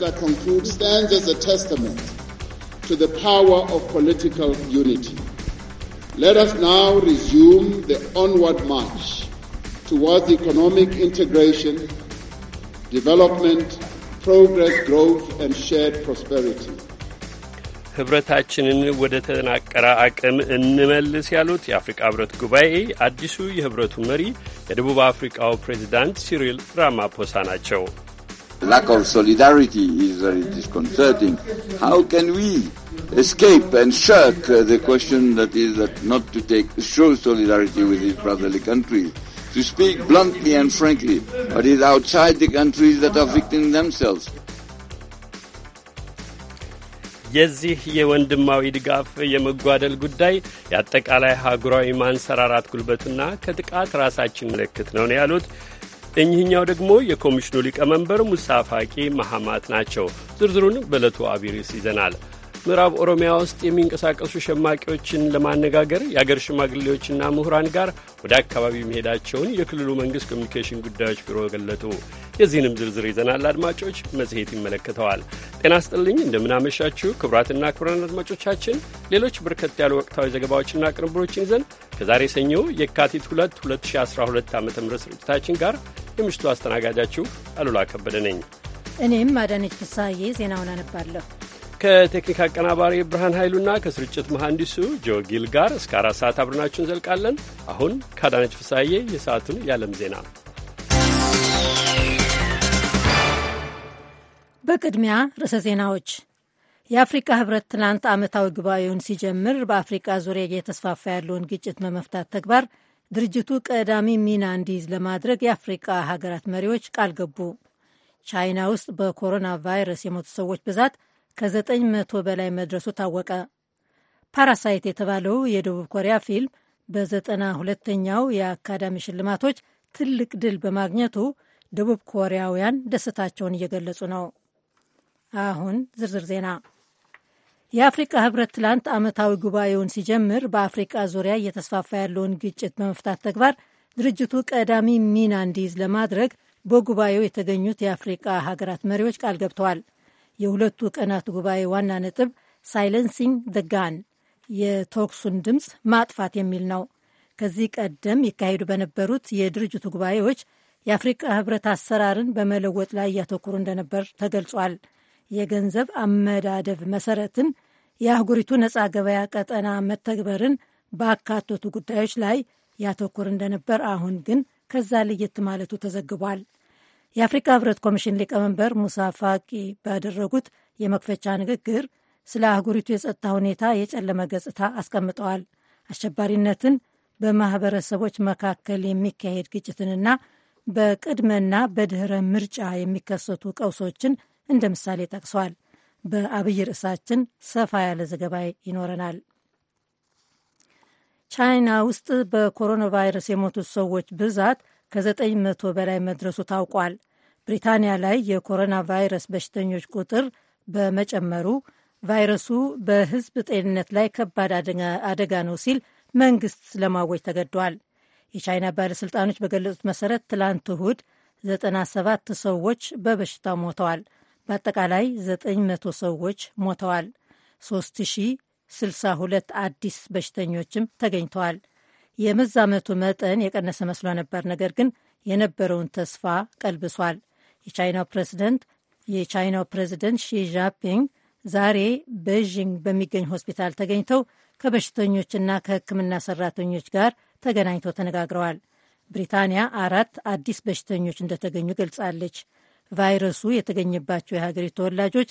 That conclude stands as a testament to the power of political unity. Let us now resume the onward march towards economic integration, development, progress, growth, and shared prosperity. ህብረታችንን ወደ ተጠናቀረ አቅም እንመልስ ያሉት የአፍሪቃ ህብረት ጉባኤ አዲሱ የህብረቱ መሪ የደቡብ አፍሪቃው ፕሬዚዳንት ሲሪል ራማፖሳ ናቸው። lack of solidarity is very disconcerting. How can we escape and shirk uh, the question that is that not to take show solidarity with his brotherly countries, to speak bluntly and frankly what is outside the countries that are victims themselves. የዚህ የወንድማዊ ድጋፍ የመጓደል ጉዳይ የአጠቃላይ ሀገራዊ ማንሰራራት ጉልበቱና ከጥቃት ራሳችን ምልክት ነው ነው ያሉት እኚህኛው ደግሞ የኮሚሽኑ ሊቀመንበር ሙሳ ፋቂ መሐማት ናቸው። ዝርዝሩን በዕለቱ አቢሪስ ይዘናል። ምዕራብ ኦሮሚያ ውስጥ የሚንቀሳቀሱ ሸማቂዎችን ለማነጋገር የአገር ሽማግሌዎችና ምሁራን ጋር ወደ አካባቢው መሄዳቸውን የክልሉ መንግሥት ኮሚኒኬሽን ጉዳዮች ቢሮ ገለጡ። የዚህንም ዝርዝር ይዘናል አድማጮች፣ መጽሔት ይመለከተዋል። ጤና ስጥልኝ፣ እንደምናመሻችሁ ክቡራትና ክቡራን አድማጮቻችን ሌሎች በርከት ያሉ ወቅታዊ ዘገባዎችና ቅንብሮችን ይዘን ከዛሬ ሰኞ የካቲት 2 2012 ዓ ም ስርጭታችን ጋር የምሽቱ አስተናጋጃችሁ አሉላ ከበደ ነኝ። እኔም አዳነች ፍሳዬ ዜናውን አነባለሁ። ከቴክኒክ አቀናባሪ ብርሃን ኃይሉና ከስርጭት መሐንዲሱ ጆጊል ጋር እስከ አራት ሰዓት አብረናችሁ እንዘልቃለን። አሁን ከአዳነች ፍሳዬ የሰዓቱን የዓለም ዜና። በቅድሚያ ርዕሰ ዜናዎች። የአፍሪቃ ህብረት ትናንት ዓመታዊ ጉባኤውን ሲጀምር በአፍሪቃ ዙሪያ እየተስፋፋ ያለውን ግጭት በመፍታት ተግባር ድርጅቱ ቀዳሚ ሚና እንዲይዝ ለማድረግ የአፍሪቃ ሀገራት መሪዎች ቃል ገቡ። ቻይና ውስጥ በኮሮና ቫይረስ የሞቱ ሰዎች ብዛት ከዘጠኝ መቶ በላይ መድረሱ ታወቀ። ፓራሳይት የተባለው የደቡብ ኮሪያ ፊልም በዘጠና ሁለተኛው የአካዳሚ ሽልማቶች ትልቅ ድል በማግኘቱ ደቡብ ኮሪያውያን ደስታቸውን እየገለጹ ነው። አሁን ዝርዝር ዜና። የአፍሪቃ ህብረት ትላንት ዓመታዊ ጉባኤውን ሲጀምር በአፍሪቃ ዙሪያ እየተስፋፋ ያለውን ግጭት በመፍታት ተግባር ድርጅቱ ቀዳሚ ሚና እንዲይዝ ለማድረግ በጉባኤው የተገኙት የአፍሪቃ ሀገራት መሪዎች ቃል ገብተዋል። የሁለቱ ቀናት ጉባኤ ዋና ነጥብ ሳይለንሲንግ ደ ጋን የተኩሱን ድምፅ ማጥፋት የሚል ነው። ከዚህ ቀደም ይካሄዱ በነበሩት የድርጅቱ ጉባኤዎች የአፍሪቃ ህብረት አሰራርን በመለወጥ ላይ እያተኩሩ እንደነበር ተገልጿል። የገንዘብ አመዳደብ መሰረትን፣ የአህጉሪቱ ነፃ ገበያ ቀጠና መተግበርን ባካተቱ ጉዳዮች ላይ ያተኩር እንደነበር አሁን ግን ከዛ ለየት ማለቱ ተዘግቧል። የአፍሪካ ህብረት ኮሚሽን ሊቀመንበር ሙሳ ፋቂ ባደረጉት የመክፈቻ ንግግር ስለ አህጉሪቱ የጸጥታ ሁኔታ የጨለመ ገጽታ አስቀምጠዋል። አሸባሪነትን፣ በማህበረሰቦች መካከል የሚካሄድ ግጭትንና በቅድመና በድህረ ምርጫ የሚከሰቱ ቀውሶችን እንደ ምሳሌ ጠቅሰዋል። በአብይ ርዕሳችን ሰፋ ያለ ዘገባ ይኖረናል። ቻይና ውስጥ በኮሮና ቫይረስ የሞቱት ሰዎች ብዛት ከ900 በላይ መድረሱ ታውቋል። ብሪታንያ ላይ የኮሮና ቫይረስ በሽተኞች ቁጥር በመጨመሩ ቫይረሱ በሕዝብ ጤንነት ላይ ከባድ አደጋ ነው ሲል መንግስት ለማወጅ ተገዷል። የቻይና ባለሥልጣኖች በገለጹት መሠረት ትላንት እሁድ 97 ሰዎች በበሽታው ሞተዋል። በአጠቃላይ 900 ሰዎች ሞተዋል። 3062 አዲስ በሽተኞችም ተገኝተዋል። የመዛመቱ መጠን የቀነሰ መስሎ ነበር፣ ነገር ግን የነበረውን ተስፋ ቀልብሷል። የቻይናው ፕሬዚደንት የቻይናው ፕሬዚደንት ሺዣፒንግ ዛሬ ቤዥንግ በሚገኝ ሆስፒታል ተገኝተው ከበሽተኞችና ከሕክምና ሰራተኞች ጋር ተገናኝተው ተነጋግረዋል። ብሪታንያ አራት አዲስ በሽተኞች እንደተገኙ ገልጻለች። ቫይረሱ የተገኘባቸው የሀገሪቱ ተወላጆች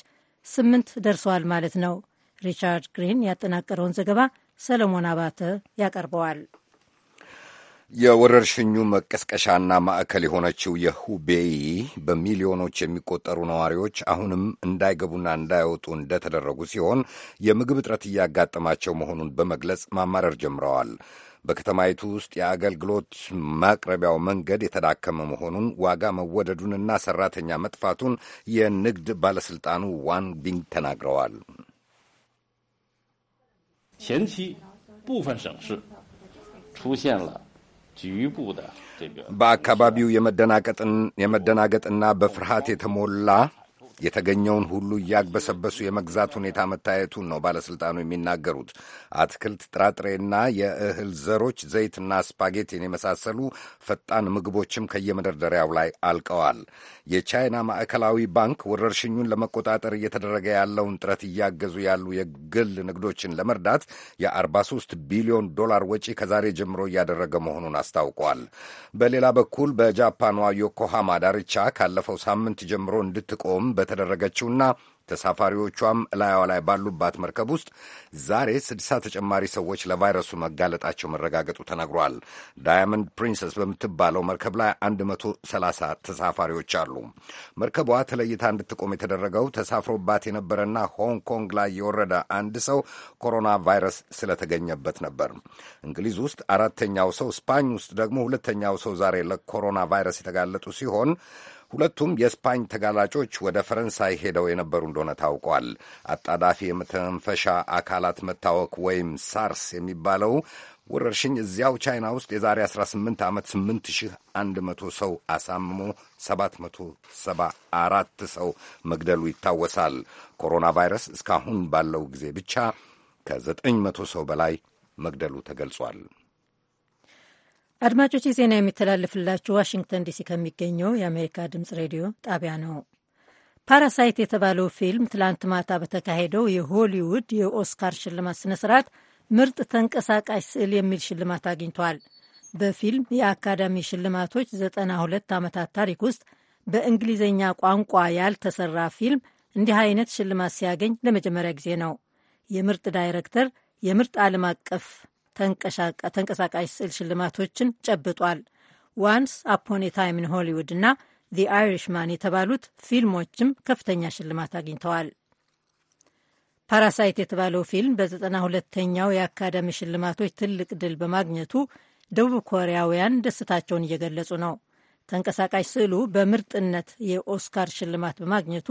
ስምንት ደርሰዋል ማለት ነው። ሪቻርድ ግሪን ያጠናቀረውን ዘገባ ሰለሞን አባተ ያቀርበዋል። የወረርሽኙ መቀስቀሻና ማዕከል የሆነችው የሁቤይ በሚሊዮኖች የሚቆጠሩ ነዋሪዎች አሁንም እንዳይገቡና እንዳይወጡ እንደተደረጉ ሲሆን የምግብ እጥረት እያጋጠማቸው መሆኑን በመግለጽ ማማረር ጀምረዋል። በከተማይቱ ውስጥ የአገልግሎት ማቅረቢያው መንገድ የተዳከመ መሆኑን፣ ዋጋ መወደዱንና ሰራተኛ መጥፋቱን የንግድ ባለሥልጣኑ ዋን ቢንግ ተናግረዋል። ቡፈን ሸንሽ በአካባቢው የመደናገጥና በፍርሃት የተሞላ የተገኘውን ሁሉ እያግበሰበሱ የመግዛት ሁኔታ መታየቱን ነው ባለሥልጣኑ የሚናገሩት። አትክልት፣ ጥራጥሬና የእህል ዘሮች፣ ዘይትና ስፓጌቲን የመሳሰሉ ፈጣን ምግቦችም ከየመደርደሪያው ላይ አልቀዋል። የቻይና ማዕከላዊ ባንክ ወረርሽኙን ለመቆጣጠር እየተደረገ ያለውን ጥረት እያገዙ ያሉ የግል ንግዶችን ለመርዳት የ43 ቢሊዮን ዶላር ወጪ ከዛሬ ጀምሮ እያደረገ መሆኑን አስታውቋል። በሌላ በኩል በጃፓኗ ዮኮሃማ ዳርቻ ካለፈው ሳምንት ጀምሮ እንድትቆም በ በተደረገችውና ተሳፋሪዎቿም እላያዋ ላይ ባሉባት መርከብ ውስጥ ዛሬ ስድሳ ተጨማሪ ሰዎች ለቫይረሱ መጋለጣቸው መረጋገጡ ተነግሯል። ዳያመንድ ፕሪንሰስ በምትባለው መርከብ ላይ አንድ መቶ ሰላሳ ተሳፋሪዎች አሉ። መርከቧ ተለይታ እንድትቆም የተደረገው ተሳፍሮባት የነበረና ሆንግ ኮንግ ላይ የወረደ አንድ ሰው ኮሮና ቫይረስ ስለተገኘበት ነበር። እንግሊዝ ውስጥ አራተኛው ሰው፣ ስፓኝ ውስጥ ደግሞ ሁለተኛው ሰው ዛሬ ለኮሮና ቫይረስ የተጋለጡ ሲሆን ሁለቱም የስፓኝ ተጋላጮች ወደ ፈረንሳይ ሄደው የነበሩ እንደሆነ ታውቋል። አጣዳፊ የመተንፈሻ አካላት መታወክ ወይም ሳርስ የሚባለው ወረርሽኝ እዚያው ቻይና ውስጥ የዛሬ 18 ዓመት 8100 ሰው አሳምሞ 774 ሰው መግደሉ ይታወሳል። ኮሮና ቫይረስ እስካሁን ባለው ጊዜ ብቻ ከ900 ሰው በላይ መግደሉ ተገልጿል። አድማጮች ዜና የሚተላለፍላችሁ ዋሽንግተን ዲሲ ከሚገኘው የአሜሪካ ድምፅ ሬዲዮ ጣቢያ ነው። ፓራሳይት የተባለው ፊልም ትላንት ማታ በተካሄደው የሆሊውድ የኦስካር ሽልማት ስነ ስርዓት ምርጥ ተንቀሳቃሽ ስዕል የሚል ሽልማት አግኝቷል። በፊልም የአካዳሚ ሽልማቶች 92 ዓመታት ታሪክ ውስጥ በእንግሊዝኛ ቋንቋ ያልተሰራ ፊልም እንዲህ አይነት ሽልማት ሲያገኝ ለመጀመሪያ ጊዜ ነው። የምርጥ ዳይሬክተር፣ የምርጥ ዓለም አቀፍ ተንቀሳቃሽ ስዕል ሽልማቶችን ጨብጧል። ዋንስ አፖን ኤ ታይም ኢን ሆሊውድ እና ዲ አይሪሽማን የተባሉት ፊልሞችም ከፍተኛ ሽልማት አግኝተዋል። ፓራሳይት የተባለው ፊልም በዘጠና ሁለተኛው የአካዳሚ ሽልማቶች ትልቅ ድል በማግኘቱ ደቡብ ኮሪያውያን ደስታቸውን እየገለጹ ነው። ተንቀሳቃሽ ስዕሉ በምርጥነት የኦስካር ሽልማት በማግኘቱ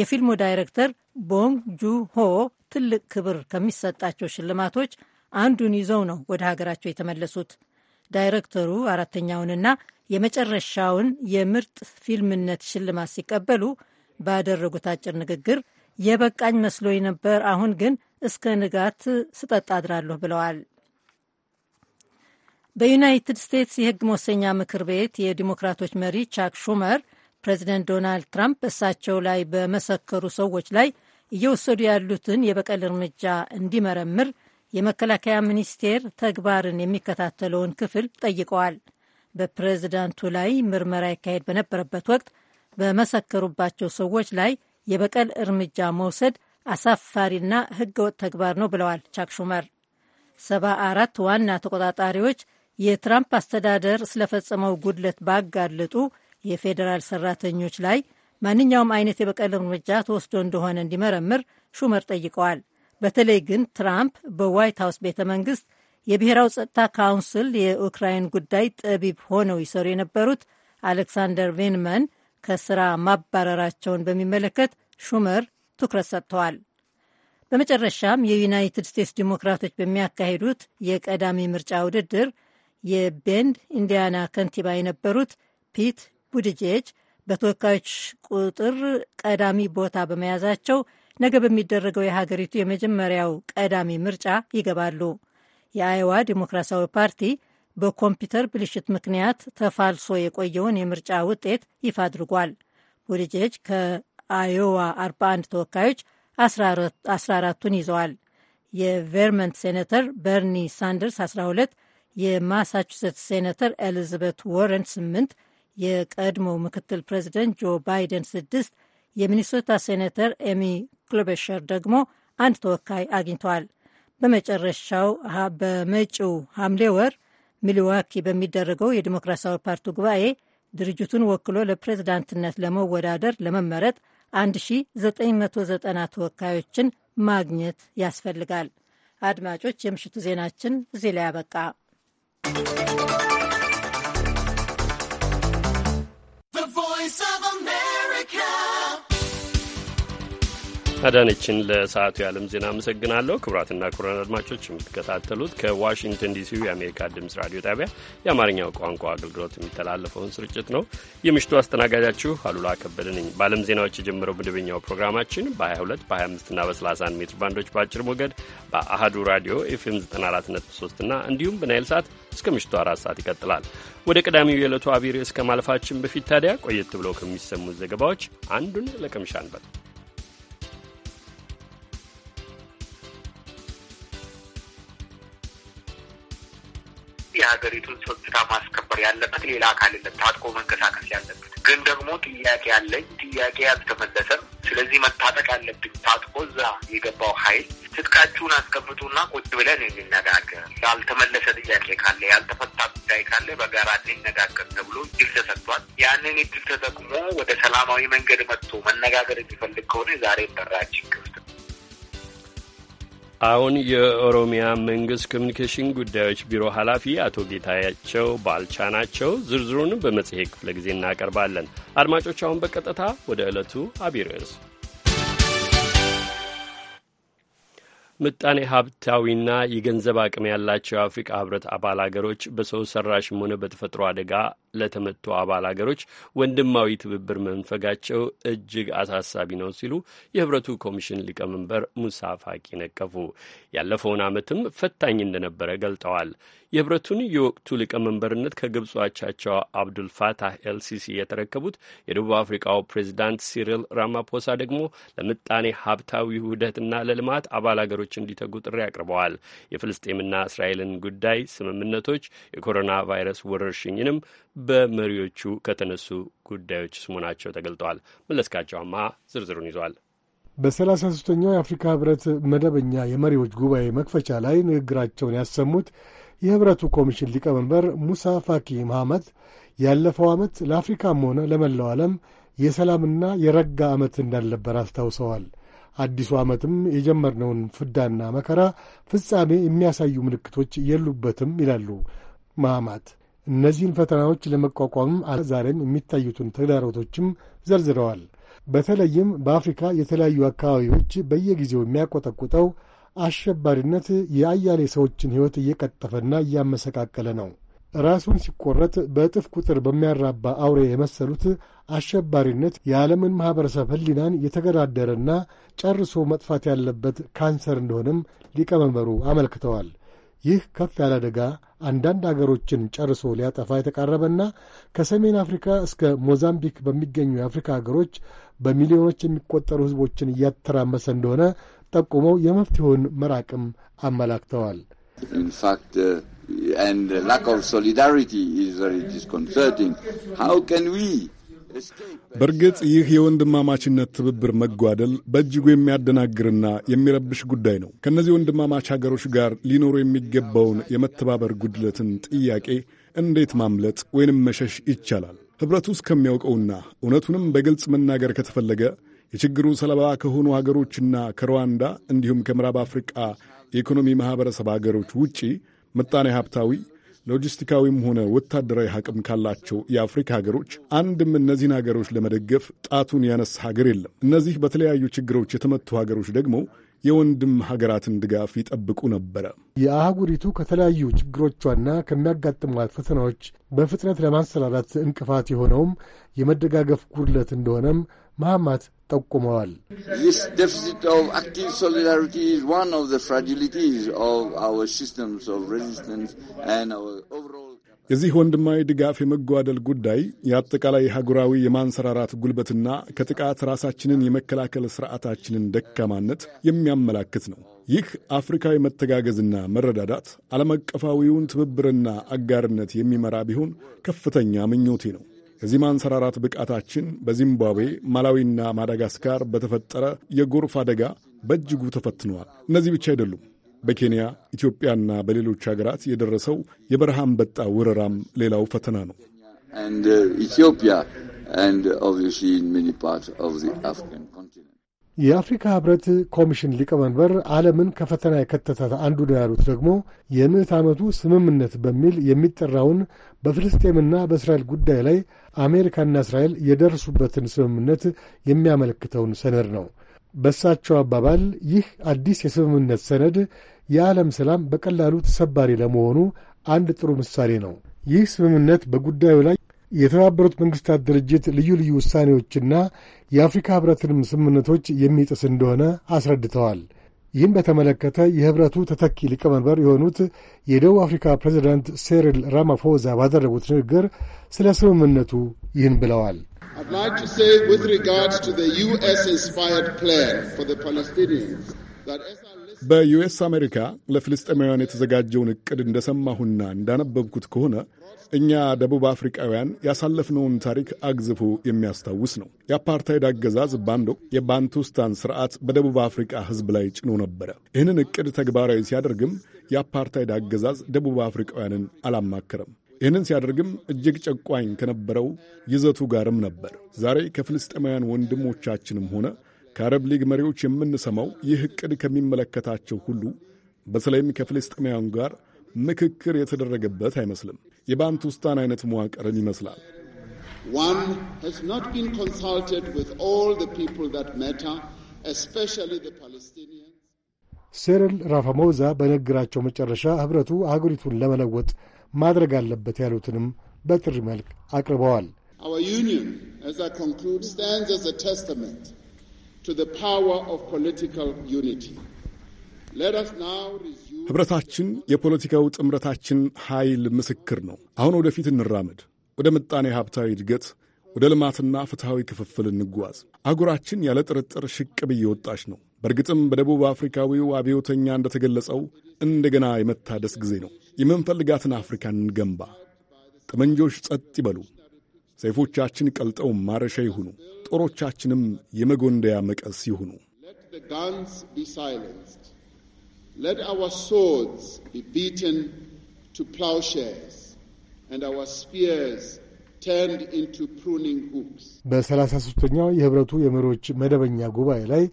የፊልሙ ዳይሬክተር ቦንግ ጁ ሆ ትልቅ ክብር ከሚሰጣቸው ሽልማቶች አንዱን ይዘው ነው ወደ ሀገራቸው የተመለሱት። ዳይሬክተሩ አራተኛውንና የመጨረሻውን የምርጥ ፊልምነት ሽልማት ሲቀበሉ ባደረጉት አጭር ንግግር የበቃኝ መስሎኝ ነበር፣ አሁን ግን እስከ ንጋት ስጠጣ አድራለሁ ብለዋል። በዩናይትድ ስቴትስ የሕግ መወሰኛ ምክር ቤት የዲሞክራቶች መሪ ቻክ ሹመር ፕሬዚደንት ዶናልድ ትራምፕ እሳቸው ላይ በመሰከሩ ሰዎች ላይ እየወሰዱ ያሉትን የበቀል እርምጃ እንዲመረምር የመከላከያ ሚኒስቴር ተግባርን የሚከታተለውን ክፍል ጠይቀዋል። በፕሬዝዳንቱ ላይ ምርመራ ይካሄድ በነበረበት ወቅት በመሰከሩባቸው ሰዎች ላይ የበቀል እርምጃ መውሰድ አሳፋሪና ሕገወጥ ተግባር ነው ብለዋል ቻክ ሹመር። ሰባ አራት ዋና ተቆጣጣሪዎች የትራምፕ አስተዳደር ስለፈጸመው ጉድለት ባጋለጡ የፌዴራል ሰራተኞች ላይ ማንኛውም አይነት የበቀል እርምጃ ተወስዶ እንደሆነ እንዲመረምር ሹመር ጠይቀዋል። በተለይ ግን ትራምፕ በዋይት ሀውስ ቤተ መንግስት የብሔራዊ ጸጥታ ካውንስል የኡክራይን ጉዳይ ጠቢብ ሆነው ይሰሩ የነበሩት አሌክሳንደር ቬንመን ከስራ ማባረራቸውን በሚመለከት ሹመር ትኩረት ሰጥተዋል። በመጨረሻም የዩናይትድ ስቴትስ ዲሞክራቶች በሚያካሂዱት የቀዳሚ ምርጫ ውድድር የቤንድ ኢንዲያና ከንቲባ የነበሩት ፒት ቡድጄጅ በተወካዮች ቁጥር ቀዳሚ ቦታ በመያዛቸው ነገ በሚደረገው የሀገሪቱ የመጀመሪያው ቀዳሚ ምርጫ ይገባሉ። የአይዋ ዲሞክራሲያዊ ፓርቲ በኮምፒውተር ብልሽት ምክንያት ተፋልሶ የቆየውን የምርጫ ውጤት ይፋ አድርጓል። ቡድጀጅ ከአዮዋ 41 ተወካዮች 14ቱን ይዘዋል። የቬርመንት ሴኔተር በርኒ ሳንደርስ 12፣ የማሳቹሴትስ ሴኔተር ኤሊዛቤት ወረን 8፣ የቀድሞው ምክትል ፕሬዚደንት ጆ ባይደን 6 የሚኒሶታ ሴኔተር ኤሚ ክሎበሸር ደግሞ አንድ ተወካይ አግኝተዋል። በመጨረሻው በመጪው ሐምሌ ወር ሚልዋኪ በሚደረገው የዲሞክራሲያዊ ፓርቲ ጉባኤ ድርጅቱን ወክሎ ለፕሬዝዳንትነት ለመወዳደር ለመመረጥ 1990 ተወካዮችን ማግኘት ያስፈልጋል። አድማጮች፣ የምሽቱ ዜናችን እዚህ ላይ you. አዳነችን ለሰዓቱ የዓለም ዜና አመሰግናለሁ። ክቡራትና ክቡራን አድማጮች የምትከታተሉት ከዋሽንግተን ዲሲ የአሜሪካ ድምፅ ራዲዮ ጣቢያ የአማርኛው ቋንቋ አገልግሎት የሚተላለፈውን ስርጭት ነው። የምሽቱ አስተናጋጃችሁ አሉላ ከበደ ነኝ። በዓለም ዜናዎች የጀመረው መደበኛው ፕሮግራማችን በ22 በ25ና በ31 ሜትር ባንዶች በአጭር ሞገድ በአህዱ ራዲዮ ኤፍኤም 943 እና እንዲሁም በናይል ሰዓት እስከ ምሽቱ አራት ሰዓት ይቀጥላል። ወደ ቀዳሚው የዕለቱ አቢር እስከ ማለፋችን በፊት ታዲያ ቆየት ብለው ከሚሰሙት ዘገባዎች አንዱን ለቅምሻ እንበል። የሀገሪቱን ጸጥታ ማስከበር ያለበት ሌላ አካል የለም፣ ታጥቆ መንቀሳቀስ ያለበት። ግን ደግሞ ጥያቄ አለኝ፣ ጥያቄ አልተመለሰም። ስለዚህ መታጠቅ ያለብኝ ታጥቆ እዛ የገባው ኃይል ትጥቃችሁን አስቀምጡና ቁጭ ብለን እንነጋገር፣ ያልተመለሰ ጥያቄ ካለ ያልተፈታ ጉዳይ ካለ በጋራ እንነጋገር ተብሎ እድል ተሰጥቷል። ያንን እድል ተጠቅሞ ወደ ሰላማዊ መንገድ መጥቶ መነጋገር የሚፈልግ ከሆነ ዛሬ በራችን አሁን የኦሮሚያ መንግስት ኮሚኒኬሽን ጉዳዮች ቢሮ ኃላፊ አቶ ጌታቸው ባልቻ ናቸው። ዝርዝሩን በመጽሔት ክፍለ ጊዜ እናቀርባለን። አድማጮች፣ አሁን በቀጥታ ወደ ዕለቱ አቢይ ርዕስ ምጣኔ ሀብታዊና የገንዘብ አቅም ያላቸው የአፍሪቃ ህብረት አባል አገሮች በሰው ሰራሽም ሆነ በተፈጥሮ አደጋ ለተመቱ አባል አገሮች ወንድማዊ ትብብር መንፈጋቸው እጅግ አሳሳቢ ነው ሲሉ የህብረቱ ኮሚሽን ሊቀመንበር ሙሳ ፋቂ ነቀፉ። ያለፈውን ዓመትም ፈታኝ እንደነበረ ገልጠዋል። የህብረቱን የወቅቱ ሊቀመንበርነት ከግብጽ አቻቸው አብዱልፋታህ ኤልሲሲ የተረከቡት የደቡብ አፍሪካው ፕሬዚዳንት ሲሪል ራማፖሳ ደግሞ ለምጣኔ ሀብታዊ ውህደትና ለልማት አባል አገሮች እንዲተጉ ጥሪ አቅርበዋል። የፍልስጤምና እስራኤልን ጉዳይ ስምምነቶች፣ የኮሮና ቫይረስ ወረርሽኝንም በመሪዎቹ ከተነሱ ጉዳዮች ስሙናቸው ተገልጠዋል። መለስካቸውማ ዝርዝሩን ይዟል። በሰላሳ ሦስተኛው የአፍሪካ ህብረት መደበኛ የመሪዎች ጉባኤ መክፈቻ ላይ ንግግራቸውን ያሰሙት የህብረቱ ኮሚሽን ሊቀመንበር ሙሳ ፋኪ መሐመድ ያለፈው ዓመት ለአፍሪካም ሆነ ለመላው ዓለም የሰላምና የረጋ ዓመት እንዳልነበር አስታውሰዋል። አዲሱ ዓመትም የጀመርነውን ፍዳና መከራ ፍጻሜ የሚያሳዩ ምልክቶች የሉበትም ይላሉ ማማት። እነዚህን ፈተናዎች ለመቋቋም ዛሬም የሚታዩትን ተግዳሮቶችም ዘርዝረዋል። በተለይም በአፍሪካ የተለያዩ አካባቢዎች በየጊዜው የሚያቆጠቁጠው አሸባሪነት የአያሌ ሰዎችን ሕይወት እየቀጠፈና እያመሰቃቀለ ነው። ራሱን ሲቆረጥ በእጥፍ ቁጥር በሚያራባ አውሬ የመሰሉት አሸባሪነት የዓለምን ማኅበረሰብ ሕሊናን የተገዳደረና ጨርሶ መጥፋት ያለበት ካንሰር እንደሆነም ሊቀመንበሩ አመልክተዋል። ይህ ከፍ ያለ አደጋ አንዳንድ አገሮችን ጨርሶ ሊያጠፋ የተቃረበና ከሰሜን አፍሪካ እስከ ሞዛምቢክ በሚገኙ የአፍሪካ አገሮች በሚሊዮኖች የሚቆጠሩ ሕዝቦችን እያተራመሰ እንደሆነ ጠቁመው የመፍትሄውን መራቅም አመላክተዋል። uh, በእርግጥ ይህ የወንድማማችነት ትብብር መጓደል በእጅጉ የሚያደናግርና የሚረብሽ ጉዳይ ነው። ከእነዚህ ወንድማማች ሀገሮች ጋር ሊኖሩ የሚገባውን የመተባበር ጉድለትን ጥያቄ እንዴት ማምለጥ ወይንም መሸሽ ይቻላል? ኅብረቱ እስከሚያውቀውና እውነቱንም በግልጽ መናገር ከተፈለገ የችግሩ ሰለባ ከሆኑ ሀገሮችና ከሩዋንዳ እንዲሁም ከምዕራብ አፍሪቃ የኢኮኖሚ ማኅበረሰብ ሀገሮች ውጪ ምጣኔ ሀብታዊ ሎጂስቲካዊም ሆነ ወታደራዊ አቅም ካላቸው የአፍሪካ ሀገሮች አንድም እነዚህን ሀገሮች ለመደገፍ ጣቱን ያነሳ ሀገር የለም። እነዚህ በተለያዩ ችግሮች የተመቱ ሀገሮች ደግሞ የወንድም ሀገራትን ድጋፍ ይጠብቁ ነበረ። የአህጉሪቱ ከተለያዩ ችግሮቿና ከሚያጋጥሟት ፈተናዎች በፍጥነት ለማሰላላት እንቅፋት የሆነውም የመደጋገፍ ጉድለት እንደሆነም መሐማት ጠቁመዋል። የዚህ ወንድማዊ ድጋፍ የመጓደል ጉዳይ የአጠቃላይ ሀገራዊ የማንሰራራት ጉልበትና ከጥቃት ራሳችንን የመከላከል ሥርዓታችንን ደካማነት የሚያመላክት ነው። ይህ አፍሪካዊ መተጋገዝና መረዳዳት ዓለም አቀፋዊውን ትብብርና አጋርነት የሚመራ ቢሆን ከፍተኛ ምኞቴ ነው። የዚህ ማንሰራራት ብቃታችን በዚምባብዌ ማላዊና ማዳጋስካር በተፈጠረ የጎርፍ አደጋ በእጅጉ ተፈትነዋል። እነዚህ ብቻ አይደሉም። በኬንያ ኢትዮጵያና በሌሎች ሀገራት የደረሰው የበረሃ አንበጣ ወረራም ሌላው ፈተና ነው። uh, የአፍሪካ ህብረት ኮሚሽን ሊቀመንበር ዓለምን ከፈተና የከተታት አንዱ ነው ያሉት ደግሞ የምዕት ዓመቱ ስምምነት በሚል የሚጠራውን በፍልስጤምና በእስራኤል ጉዳይ ላይ አሜሪካና እስራኤል የደረሱበትን ስምምነት የሚያመለክተውን ሰነድ ነው። በእሳቸው አባባል ይህ አዲስ የስምምነት ሰነድ የዓለም ሰላም በቀላሉ ተሰባሪ ለመሆኑ አንድ ጥሩ ምሳሌ ነው። ይህ ስምምነት በጉዳዩ ላይ የተባበሩት መንግሥታት ድርጅት ልዩ ልዩ ውሳኔዎችና የአፍሪካ ኅብረትንም ስምምነቶች የሚጥስ እንደሆነ አስረድተዋል። ይህን በተመለከተ የኅብረቱ ተተኪ ሊቀመንበር የሆኑት የደቡብ አፍሪካ ፕሬዚዳንት ሴሪል ራማፎዛ ባደረጉት ንግግር ስለ ስምምነቱ ይህን ብለዋል። በዩኤስ አሜሪካ ለፍልስጤማውያን የተዘጋጀውን እቅድ እንደሰማሁና እንዳነበብኩት ከሆነ እኛ ደቡብ አፍሪቃውያን ያሳለፍነውን ታሪክ አግዝፎ የሚያስታውስ ነው። የአፓርታይድ አገዛዝ ባንዶ የባንቱስታን ስርዓት በደቡብ አፍሪቃ ሕዝብ ላይ ጭኖ ነበረ። ይህንን እቅድ ተግባራዊ ሲያደርግም የአፓርታይድ አገዛዝ ደቡብ አፍሪቃውያንን አላማከረም። ይህንን ሲያደርግም እጅግ ጨቋኝ ከነበረው ይዘቱ ጋርም ነበር። ዛሬ ከፍልስጤማውያን ወንድሞቻችንም ሆነ ከአረብ ሊግ መሪዎች የምንሰማው ይህ ዕቅድ ከሚመለከታቸው ሁሉ በተለይም ከፍልስጥማውያን ጋር ምክክር የተደረገበት አይመስልም። የባንቱስታን አይነት መዋቅርን ይመስላል። ሴሪል ራፋሞዛ በንግግራቸው መጨረሻ ኅብረቱ አገሪቱን ለመለወጥ ማድረግ አለበት ያሉትንም በጥሪ መልክ አቅርበዋል። ኅብረታችን የፖለቲካው ጥምረታችን ኃይል ምስክር ነው። አሁን ወደፊት እንራመድ፣ ወደ ምጣኔ ሀብታዊ እድገት፣ ወደ ልማትና ፍትሐዊ ክፍፍል እንጓዝ። አህጉራችን ያለ ጥርጥር ሽቅብ እየወጣች ነው። በእርግጥም በደቡብ አፍሪካዊው አብዮተኛ እንደተገለጸው እንደገና የመታደስ ጊዜ ነው። የምንፈልጋትን አፍሪካን እንገንባ። ጠመንጆች ጸጥ ይበሉ፣ ሰይፎቻችን ቀልጠው ማረሻ ይሁኑ። ጦሮቻችንም የመጎንደያ መቀስ ይሁኑ። በሰላሳ ሦስተኛው የህብረቱ የመሪዎች መደበኛ ጉባኤ ላይ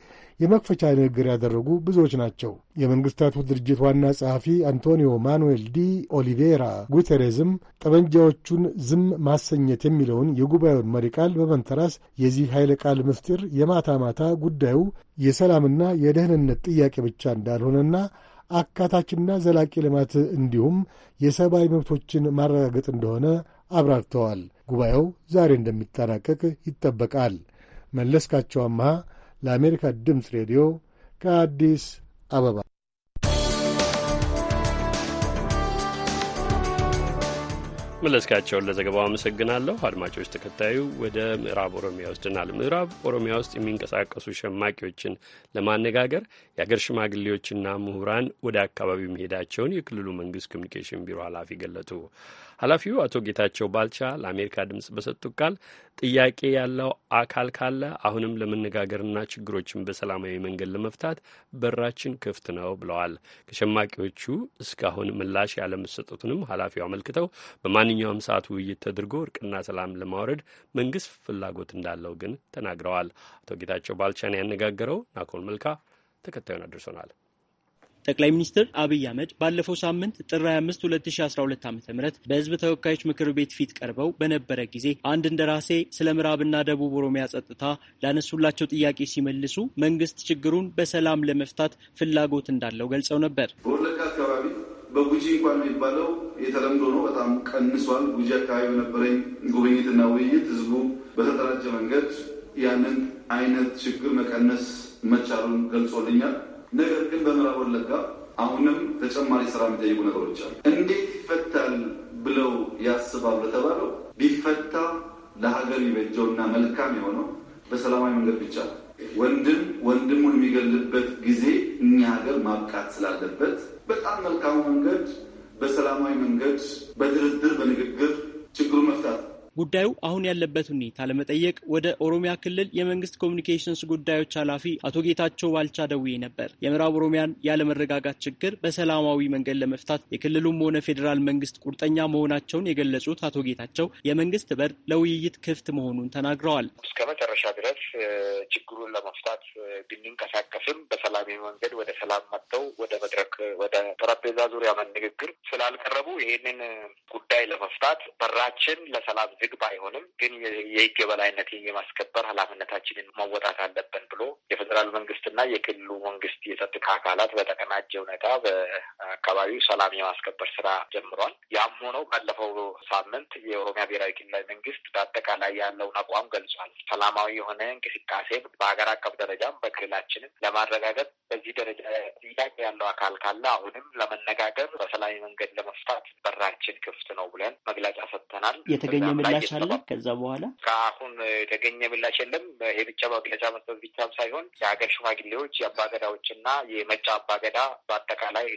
የመክፈቻ ንግግር ያደረጉ ብዙዎች ናቸው። የመንግስታቱ ድርጅት ዋና ጸሐፊ አንቶኒዮ ማኑዌል ዲ ኦሊቬራ ጉቴሬዝም ጠመንጃዎቹን ዝም ማሰኘት የሚለውን የጉባኤውን መሪ ቃል በመንተራስ የዚህ ኃይለ ቃል ምስጢር የማታ ማታ ጉዳዩ የሰላምና የደህንነት ጥያቄ ብቻ እንዳልሆነና አካታችና ዘላቂ ልማት እንዲሁም የሰብአዊ መብቶችን ማረጋገጥ እንደሆነ አብራርተዋል። ጉባኤው ዛሬ እንደሚጠናቀቅ ይጠበቃል። መለስካቸው አመሃ ለአሜሪካ ድምፅ ሬዲዮ ከአዲስ አበባ። መለስካቸውን ለዘገባው አመሰግናለሁ። አድማጮች፣ ተከታዩ ወደ ምዕራብ ኦሮሚያ ይወስደናል። ምዕራብ ኦሮሚያ ውስጥ የሚንቀሳቀሱ ሸማቂዎችን ለማነጋገር የአገር ሽማግሌዎችና ምሁራን ወደ አካባቢው መሄዳቸውን የክልሉ መንግስት ኮሚኒኬሽን ቢሮ ኃላፊ ገለጡ። ኃላፊው አቶ ጌታቸው ባልቻ ለአሜሪካ ድምፅ በሰጡት ቃል ጥያቄ ያለው አካል ካለ አሁንም ለመነጋገርና ችግሮችን በሰላማዊ መንገድ ለመፍታት በራችን ክፍት ነው ብለዋል። ከሸማቂዎቹ እስካሁን ምላሽ ያለመሰጠቱንም ኃላፊው አመልክተው በማንኛውም ሰዓት ውይይት ተደርጎ እርቅና ሰላም ለማውረድ መንግስት ፍላጎት እንዳለው ግን ተናግረዋል። አቶ ጌታቸው ባልቻን ያነጋገረው ናኮል መልካ ተከታዩን አድርሶናል። ጠቅላይ ሚኒስትር አብይ አህመድ ባለፈው ሳምንት ጥር 25 2012 ዓ ም በህዝብ ተወካዮች ምክር ቤት ፊት ቀርበው በነበረ ጊዜ አንድ እንደራሴ ስለ ምዕራብና ደቡብ ኦሮሚያ ጸጥታ ላነሱላቸው ጥያቄ ሲመልሱ መንግስት ችግሩን በሰላም ለመፍታት ፍላጎት እንዳለው ገልጸው ነበር። በወለጋ አካባቢ በጉጂ እንኳን የሚባለው የተለምዶ ነው፣ በጣም ቀንሷል። ጉጂ አካባቢ በነበረኝ ጉብኝትና ውይይት ህዝቡ በተደራጀ መንገድ ያንን አይነት ችግር መቀነስ መቻሉን ገልጾልኛል። ነገር ግን በምዕራብ ወለጋ አሁንም ተጨማሪ ስራ የሚጠይቁ ነገሮች አሉ። እንዴት ይፈታል ብለው ያስባሉ ለተባለው ቢፈታ ለሀገር ይበጀውና መልካም የሆነው በሰላማዊ መንገድ ብቻ ነው። ወንድም ወንድሙን የሚገልበት ጊዜ እኛ ሀገር ማብቃት ስላለበት በጣም መልካሙ መንገድ በሰላማዊ መንገድ በድርድር በንግግር ችግሩን መፍታት ጉዳዩ አሁን ያለበት ሁኔታ ለመጠየቅ ወደ ኦሮሚያ ክልል የመንግስት ኮሚኒኬሽንስ ጉዳዮች ኃላፊ አቶ ጌታቸው ባልቻ ደውዬ ነበር። የምዕራብ ኦሮሚያን ያለመረጋጋት ችግር በሰላማዊ መንገድ ለመፍታት የክልሉም ሆነ ፌዴራል መንግስት ቁርጠኛ መሆናቸውን የገለጹት አቶ ጌታቸው የመንግስት በር ለውይይት ክፍት መሆኑን ተናግረዋል። እስከ መጨረሻ ድረስ ችግሩን ለመፍታት ብንንቀሳቀስም በሰላማዊ መንገድ ወደ ሰላም መጥተው ወደ መድረክ ወደ ጠረጴዛ ዙሪያ ንግግር ስላልቀረቡ ይህንን ጉዳይ ለመፍታት በራችን ለሰላም ዝግ ባይሆንም ግን የህግ የበላይነት የማስከበር ኃላፊነታችንን መወጣት አለብን ብሎ የፌዴራል መንግስትና የክልሉ መንግስት የጸጥታ አካላት በተቀናጀ ሁኔታ በአካባቢው ሰላም የማስከበር ስራ ጀምሯል። ያም ሆነው ባለፈው ሳምንት የኦሮሚያ ብሔራዊ ክልላዊ መንግስት በአጠቃላይ ያለውን አቋም ገልጿል። ሰላማዊ የሆነ እንቅስቃሴ በሀገር አቀፍ ደረጃም በክልላችንም ለማረጋገጥ በዚህ ደረጃ ጥያቄ ያለው አካል ካለ አሁንም ለመነጋገር በሰላማዊ መንገድ ለመፍታት በራችን ክፍት ነው ብለን መግለጫ ሰጥተናል። የተገኘ ምላሽ አለ? ከዛ በኋላ ከአሁን የተገኘ ምላሽ የለም። ይሄ ብቻ በመግለጫ መስጠት ብቻም ሳይሆን የሀገር ሽማግሌዎች፣ የአባገዳዎች እና የመጫ አባገዳ በአጠቃላይ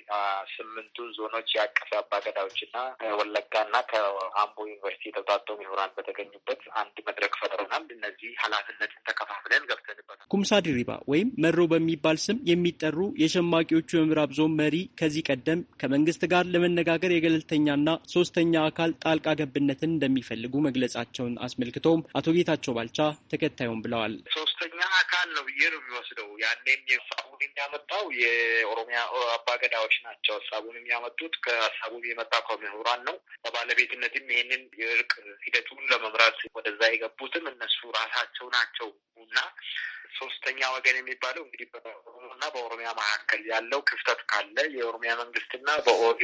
ስምንቱ ዞኖች ያቀፈ አባገዳዎች እና ወለጋ እና ከአምቦ ዩኒቨርሲቲ የተውጣጡ ምሁራን በተገኙበት አንድ መድረክ ፈጥረናል። እነዚህ ኃላፊነትን ተከፋፍለን ገብተንበታል። ኩምሳ ድሪባ ወይም መሮ በሚባል ስም የሚጠሩ የሸማቂዎቹ የምዕራብ ዞን መሪ ከዚህ ቀደም ከመንግስት ጋር ለመነጋገር የገለልተኛና ሶስተኛ አካል ጣልቃ ገብነትን እንደሚፈልጉ መግለጻቸውን አስመልክቶም አቶ ጌታቸው ባልቻ ተከታዩም ብለዋል። ሶስተኛ አካል ነው ብዬ ነው የሚወስደው። ያኔም ሀሳቡን የሚያመጣው የኦሮሚያ አባገዳዎች ናቸው። ሀሳቡን የሚያመጡት ከሀሳቡ የመጣ ከምሁራን ነው። በባለቤትነትም ይህንን የእርቅ ሂደቱን ለመምራት ወደዛ የገቡትም እነሱ ራሳቸው ናቸው እና ሶስተኛ ወገን የሚባለው እንግዲህ በኦሮሞና በኦሮሚያ መካከል ያለው ክፍተት ካለ የኦሮሚያ መንግስትና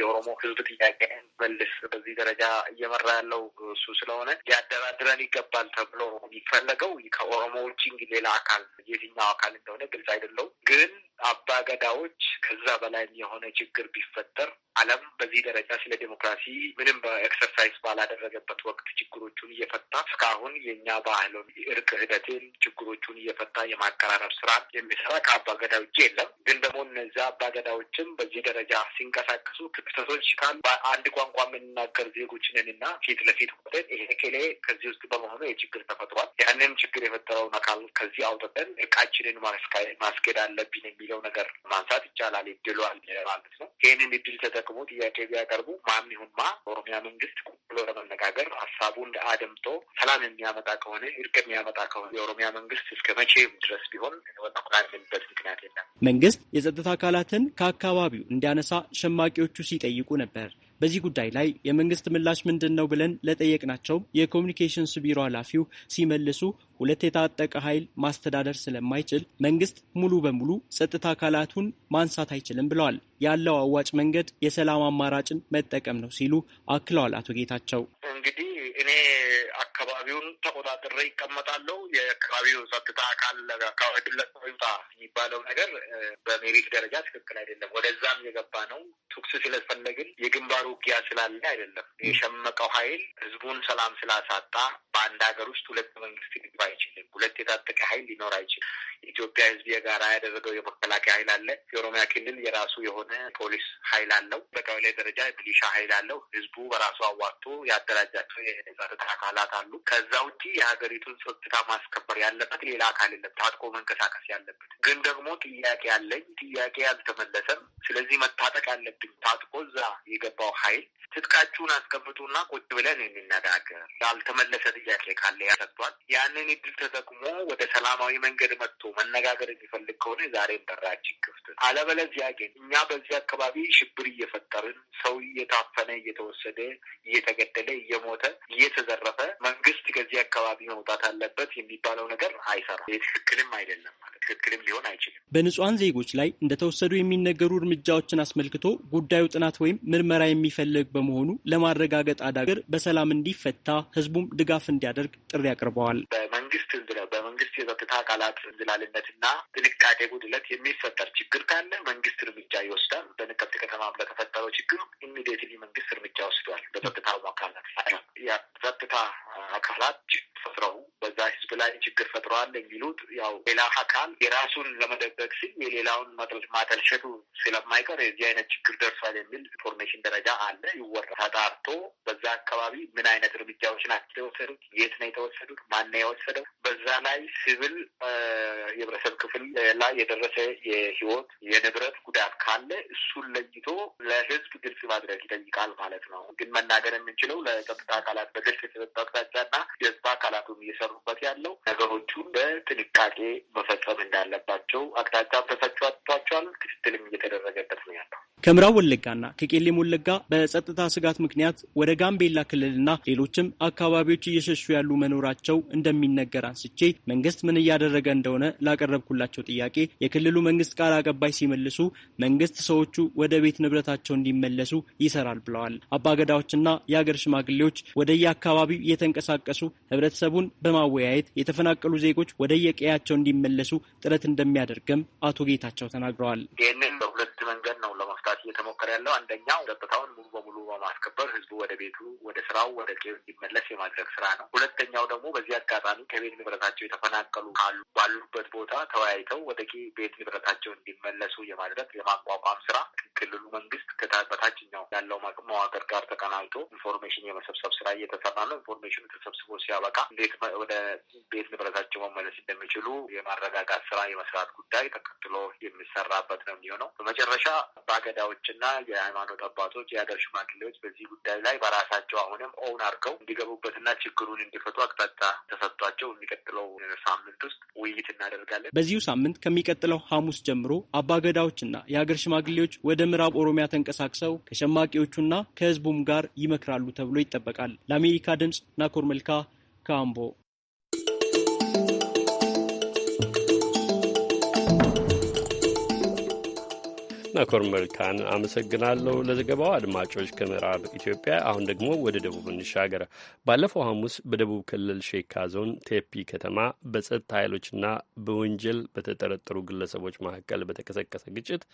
የኦሮሞ ህዝብ ጥያቄ መልስ በዚህ ደረጃ እየመራ ያለው እሱ ስለሆነ ሊያደራድረን ይገባል ተብሎ የሚፈለገው ከኦሮሞ ውጭ እንግዲህ ሌላ አካል የትኛው አካል እንደሆነ ግልጽ አይደለው ግን አባገዳዎች ከዛ በላይ የሆነ ችግር ቢፈጠር ዓለም በዚህ ደረጃ ስለ ዲሞክራሲ ምንም በኤክሰርሳይዝ ባላደረገበት ወቅት ችግሮቹን እየፈታ እስካሁን የእኛ ባህል እርቅ ሂደትን ችግሮቹን እየፈታ የማቀራረብ ስራ የሚሰራ ከአባገዳ ውጭ የለም። ግን ደግሞ እነዚያ አባገዳዎችም በዚህ ደረጃ ሲንቀሳቀሱ ክፍተቶች ካሉ አንድ ቋንቋ የምንናገር ዜጎችንን እና ፊት ለፊት ወደን ይሄ ኬሌ ከዚህ ውስጥ በመሆኑ የችግር ተፈጥሯል። ያንን ችግር የፈጠረውን አካል ከዚህ አውጥተን እቃችንን ማስኬድ አለብን የሚለው ነገር ማንሳት ይቻላል። ይድሏል ማለት ነው። ይህንን እድል ተጠቅሞ ጥያቄ ቢያቀርቡ ማን ይሁን ኦሮሚያ መንግስት ብሎ ለመነጋገር ሀሳቡን አደምጦ ሰላም የሚያመጣ ከሆነ እርቅ የሚያመጣ ከሆነ የኦሮሚያ መንግስት እስከ መቼ ድረስ ቢሆን ወጣ ምክንያት የለም። መንግስት የጸጥታ አካላትን ከአካባቢው እንዲያነሳ ሸማቂዎቹ ሲጠይቁ ነበር። በዚህ ጉዳይ ላይ የመንግስት ምላሽ ምንድን ነው ብለን ለጠየቅናቸው የኮሚኒኬሽንስ ቢሮ ኃላፊው ሲመልሱ ሁለት የታጠቀ ኃይል ማስተዳደር ስለማይችል መንግስት ሙሉ በሙሉ ጸጥታ አካላቱን ማንሳት አይችልም ብለዋል። ያለው አዋጭ መንገድ የሰላም አማራጭን መጠቀም ነው ሲሉ አክለዋል አቶ ጌታቸው እንግዲህ እኔ አካባቢውን ተቆጣጥሬ ይቀመጣለሁ። የአካባቢው ጸጥታ አካል ግለሰብ ይውጣ የሚባለው ነገር በሜሪት ደረጃ ትክክል አይደለም። ወደዛም የገባ ነው። ቱክስ ስለፈለግን የግንባር ውጊያ ስላለ አይደለም። የሸመቀው ኃይል ህዝቡን ሰላም ስላሳጣ በአንድ ሀገር ውስጥ ሁለት መንግስት ሊግባ አይችልም። ሁለት የታጠቀ ኃይል ሊኖር አይችልም። የኢትዮጵያ ህዝብ የጋራ ያደረገው የመከላከያ ኃይል አለ። የኦሮሚያ ክልል የራሱ የሆነ ፖሊስ ኃይል አለው። በቀበሌ ደረጃ ሚሊሻ ኃይል አለው። ህዝቡ በራሱ አዋጥቶ ያደራጃቸው የጸጥታ አካላት አሉ። ከዛ ውጪ የሀገሪቱን ጸጥታ ማስከበር ያለበት ሌላ አካል የለም፣ ታጥቆ መንቀሳቀስ ያለበት። ግን ደግሞ ጥያቄ አለኝ፣ ጥያቄ አልተመለሰም። ስለዚህ መታጠቅ ያለብኝ ታጥቆ እዛ የገባው ሀይል ትጥቃችሁን አስቀምጡና ቁጭ ብለን እንነጋገር፣ ያልተመለሰ ጥያቄ ካለ ያሰጥቷል። ያንን እድል ተጠቅሞ ወደ ሰላማዊ መንገድ መጥቶ መነጋገር የሚፈልግ ከሆነ ዛሬም በራችን ክፍት፣ አለበለዚያ ግን እኛ በዚህ አካባቢ ሽብር እየፈጠርን ሰው እየታፈነ እየተወሰደ እየተገደለ እየሞተ እየተዘረፈ መንግስት ከዚህ አካባቢ መውጣት አለበት የሚባለው ነገር አይሰራም። ትክክልም አይደለም ማለት ትክክልም ሊሆን አይችልም። በንጹሐን ዜጎች ላይ እንደተወሰዱ የሚነገሩ እርምጃዎችን አስመልክቶ ጉዳዩ ጥናት ወይም ምርመራ የሚፈለግ በመሆኑ ለማረጋገጥ አዳገር በሰላም እንዲፈታ ህዝቡም ድጋፍ እንዲያደርግ ጥሪ አቅርበዋል። በመንግስት በመንግስት የጸጥታ አካላት እንዝላልነትና ጥንቃቄ ጉድለት የሚፈጠር ችግር ካለ መንግስት እርምጃ ይወስዳል። በነቀምቴ ከተማ ለተፈጠረው ችግር ኢሚዲየትሊ መንግስት እርምጃ ወስዷል። በጸጥታ አካላት የጸጥታ አካላት ችግር ፈጥረው በዛ ህዝብ ላይ ችግር ፈጥረዋል የሚሉት ያው ሌላ አካል የራሱን ለመደበቅ ሲል የሌላውን ማጠልሸቱ ስለማይቀር የዚህ አይነት ችግር ደርሷል የሚል ኢንፎርሜሽን ደረጃ አለ ይወራ ተጣርቶ በዛ አካባቢ ምን አይነት እርምጃዎች ናቸው የተወሰዱት፣ የት ነው የተወሰዱት፣ ማን ነው የወሰደው፣ በዛ ላይ ሲቪል የህብረተሰብ ክፍል ላይ የደረሰ የህይወት የንብረት ጉዳት ካለ እሱን ለይቶ ለህዝብ ግልጽ ማድረግ ይጠይቃል ማለት ነው። ግን መናገር የምንችለው ለጸጥታ አካላት በግልጽ የተሰጠ አቅጣጫና የህዝብ አካላቱም እየሰሩበት ያለው ነገሮቹን በጥንቃቄ መፈጸም እንዳለባቸው አቅጣጫ ተሰጥቷቸዋል። ክትትልም እየተደረገበት ነው ያለው። ከምዕራብ ወለጋና ከቄሌም ወለጋ በጸጥታ ስጋት ምክንያት ወደ ጋምቤላ ክልልና ሌሎችም አካባቢዎች እየሸሹ ያሉ መኖራቸው እንደሚነገር አንስቼ መንግስት ምን እያደረገ እንደሆነ ላቀረብኩላቸው ጥያቄ የክልሉ መንግስት ቃል አቀባይ ሲመልሱ መንግስት ሰዎቹ ወደ ቤት ንብረታቸው እንዲመለሱ ይሰራል ብለዋል። አባገዳዎችና የአገር ሽማግሌዎች ወደየአካባቢው እየተንቀሳቀሱ ህብረተሰቡን በማወያየት የተፈናቀሉ ዜጎች ወደየቀያቸው እንዲመለሱ ጥረት እንደሚያደርግም አቶ ጌታቸው ተናግረዋል። ይህንን በሁለት መንገድ ነው እየተሞከረ ያለው አንደኛው ጸጥታውን ሙሉ በሙሉ በማስከበር ህዝቡ ወደ ቤቱ፣ ወደ ስራው፣ ወደ ቄው እንዲመለስ የማድረግ ስራ ነው። ሁለተኛው ደግሞ በዚህ አጋጣሚ ከቤት ንብረታቸው የተፈናቀሉ ካሉ ባሉበት ቦታ ተወያይተው ወደ ቤት ንብረታቸው እንዲመለሱ የማድረግ የማቋቋም ስራ ክልሉ መንግስት በታችኛው ያለው መዋቅር ጋር ተቀናጅቶ ኢንፎርሜሽን የመሰብሰብ ስራ እየተሰራ ነው። ኢንፎርሜሽኑ ተሰብስቦ ሲያበቃ እንዴት ወደ ቤት ንብረታቸው መመለስ እንደሚችሉ የማረጋጋት ስራ የመስራት ጉዳይ ተከትሎ የሚሰራበት ነው የሚሆነው። በመጨረሻ በአገዳው ሰዎች እና የሃይማኖት አባቶች፣ የሀገር ሽማግሌዎች በዚህ ጉዳይ ላይ በራሳቸው አሁንም ኦውን አድርገው እንዲገቡበትና ችግሩን እንዲፈቱ አቅጣጫ ተሰጥቷቸው የሚቀጥለው ሳምንት ውስጥ ውይይት እናደርጋለን። በዚሁ ሳምንት ከሚቀጥለው ሐሙስ ጀምሮ አባገዳዎችና የሀገር ሽማግሌዎች ወደ ምዕራብ ኦሮሚያ ተንቀሳቅሰው ከሸማቂዎቹና ከህዝቡም ጋር ይመክራሉ ተብሎ ይጠበቃል። ለአሜሪካ ድምፅ ናኮር መልካ ካምቦ ነኮር መልካን አመሰግናለሁ ለዘገባው። አድማጮች ከምዕራብ ኢትዮጵያ አሁን ደግሞ ወደ ደቡብ እንሻገር። ባለፈው ሐሙስ በደቡብ ክልል ሼካ ዞን ቴፒ ከተማ በጸጥታ ኃይሎችና በወንጀል በተጠረጠሩ ግለሰቦች መካከል በተቀሰቀሰ ግጭት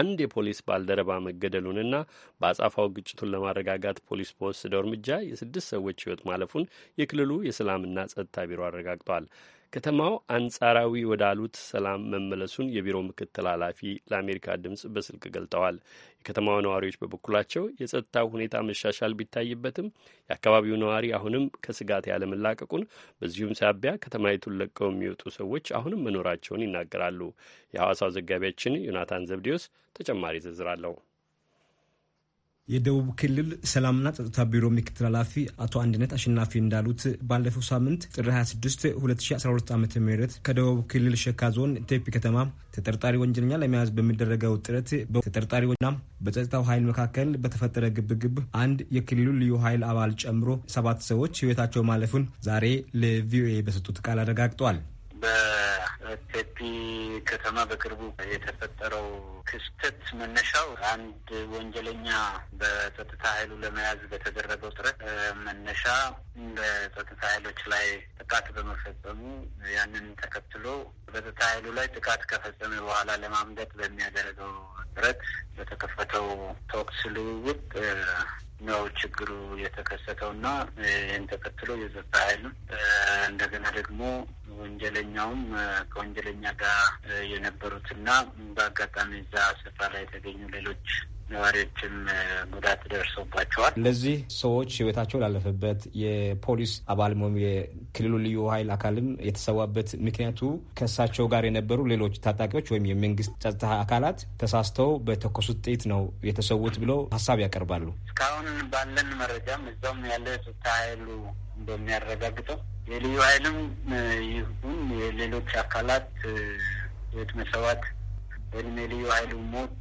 አንድ የፖሊስ ባልደረባ መገደሉንና በአጻፋው ግጭቱን ለማረጋጋት ፖሊስ በወሰደው እርምጃ የስድስት ሰዎች ሕይወት ማለፉን የክልሉ የሰላምና ጸጥታ ቢሮ አረጋግጧል። ከተማው አንጻራዊ ወዳሉት ሰላም መመለሱን የቢሮ ምክትል ኃላፊ ለአሜሪካ ድምፅ በስልክ ገልጠዋል። የከተማው ነዋሪዎች በበኩላቸው የጸጥታው ሁኔታ መሻሻል ቢታይበትም የአካባቢው ነዋሪ አሁንም ከስጋት ያለመላቀቁን፣ በዚሁም ሳቢያ ከተማይቱን ለቀው የሚወጡ ሰዎች አሁንም መኖራቸውን ይናገራሉ። የሐዋሳው ዘጋቢያችን ዮናታን ዘብዴዎስ ተጨማሪ ዝርዝር አለው። የደቡብ ክልል ሰላምና ጸጥታ ቢሮ ምክትል ኃላፊ አቶ አንድነት አሸናፊ እንዳሉት ባለፈው ሳምንት ጥር 26 2012 ዓ ም ከደቡብ ክልል ሸካ ዞን ቴፒ ከተማ ተጠርጣሪ ወንጀለኛ ለመያዝ በሚደረገው ጥረት በተጠርጣሪና በጸጥታው ኃይል መካከል በተፈጠረ ግብግብ አንድ የክልሉ ልዩ ኃይል አባል ጨምሮ ሰባት ሰዎች ህይወታቸው ማለፉን ዛሬ ለቪኦኤ በሰጡት ቃል አረጋግጧል። ከተማ በቅርቡ የተፈጠረው ክስተት መነሻው አንድ ወንጀለኛ በጸጥታ ኃይሉ ለመያዝ በተደረገው ጥረት መነሻ በጸጥታ ኃይሎች ላይ ጥቃት በመፈጸሙ ያንን ተከትሎ በጸጥታ ኃይሉ ላይ ጥቃት ከፈጸመ በኋላ ለማምለጥ በሚያደርገው ጥረት በተከፈተው ተኩስ ልውውጥ ነው ችግሩ የተከሰተውና ይህን ተከትሎ የጸጥታ ኃይሉ እንደገና ደግሞ ወንጀለኛውም ከወንጀለኛ ጋር የነበሩትና በአጋጣሚ እዛ ስፍራ ላይ የተገኙ ሌሎች ነዋሪዎችም ጉዳት ደርሶባቸዋል። እነዚህ ሰዎች ህይወታቸው ላለፈበት የፖሊስ አባል ወይም የክልሉ ልዩ ኃይል አካልም የተሰዋበት ምክንያቱ ከእሳቸው ጋር የነበሩ ሌሎች ታጣቂዎች ወይም የመንግስት ጸጥታ አካላት ተሳስተው በተኮሱት ጥይት ነው የተሰዉት ብለው ሀሳብ ያቀርባሉ። እስካሁን ባለን መረጃም እዛውም ያለ ጸጥታ ኃይሉ እንደሚያረጋግጠው የልዩ ኃይልም ይሁን የሌሎች አካላት የህትመት መሰዋት ወይም የልዩ ኃይሉ ሞት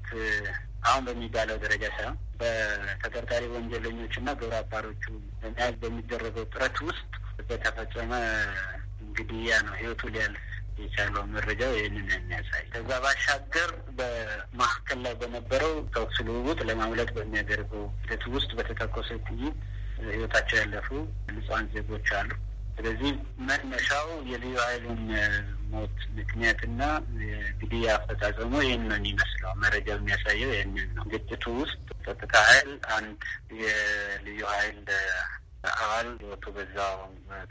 አሁን በሚባለው ደረጃ ሳይሆን በተጠርጣሪ ወንጀለኞች እና ግብረ አባሮቹ ለመያዝ በሚደረገው ጥረት ውስጥ በተፈጸመ ግድያ ነው ህይወቱ ሊያልፍ የቻለው መረጃ ይህንን የሚያሳይ። ከዛ ባሻገር በማካከል ላይ በነበረው ተኩስ ልውውጥ ለማምለጥ በሚያደርገው ሂደት ውስጥ በተተኮሰ ጥይት ህይወታቸው ያለፉ ንጹሐን ዜጎች አሉ። ስለዚህ መነሻው የልዩ ኃይሉን ሞት ምክንያትና ግድያ አፈጻጸሙ ይህን ነው የሚመስለው። መረጃ የሚያሳየው ይህንን ነው። ግጭቱ ውስጥ ጸጥታ ኃይል አንድ የልዩ ኃይል አባል ህይወቱ በዛው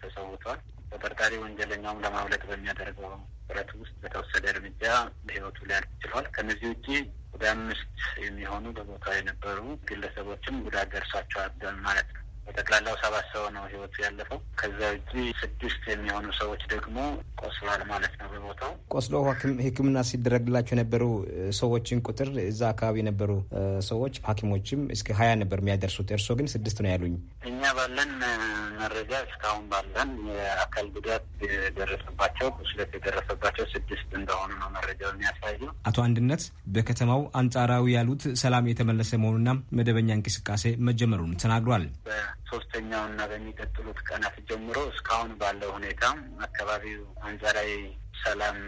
ተሰውቷል። ተጠርጣሪ ወንጀለኛውም ለማምለጥ በሚያደርገው ጥረት ውስጥ በተወሰደ እርምጃ ህይወቱ ሊያልፍ ችሏል። ከነዚህ ውጪ ወደ አምስት የሚሆኑ በቦታው የነበሩ ግለሰቦችም ጉዳት ደርሷቸዋል ማለት ነው። በጠቅላላው ሰባት ሰው ነው ህይወቱ ያለፈው። ከዛ ውጭ ስድስት የሚሆኑ ሰዎች ደግሞ ቆስሏል ማለት ነው። በቦታው ቆስሎ ሕክምና ሲደረግላቸው የነበሩ ሰዎችን ቁጥር እዛ አካባቢ የነበሩ ሰዎች ሐኪሞችም እስከ ሀያ ነበር የሚያደርሱት። እርስዎ ግን ስድስት ነው ያሉኝ። እኛ ባለን መረጃ እስካሁን ባለን የአካል ጉዳት የደረሰባቸው ቁስለት የደረሰባቸው ስድስት እንደሆኑ ነው መረጃው የሚያሳየው። አቶ አንድነት በከተማው አንጻራዊ ያሉት ሰላም የተመለሰ መሆኑና መደበኛ እንቅስቃሴ መጀመሩን ተናግሯል። ሶስተኛውና በሚቀጥሉት ቀናት ጀምሮ እስካሁን ባለው ሁኔታም አካባቢው አንጻራዊ ሰላም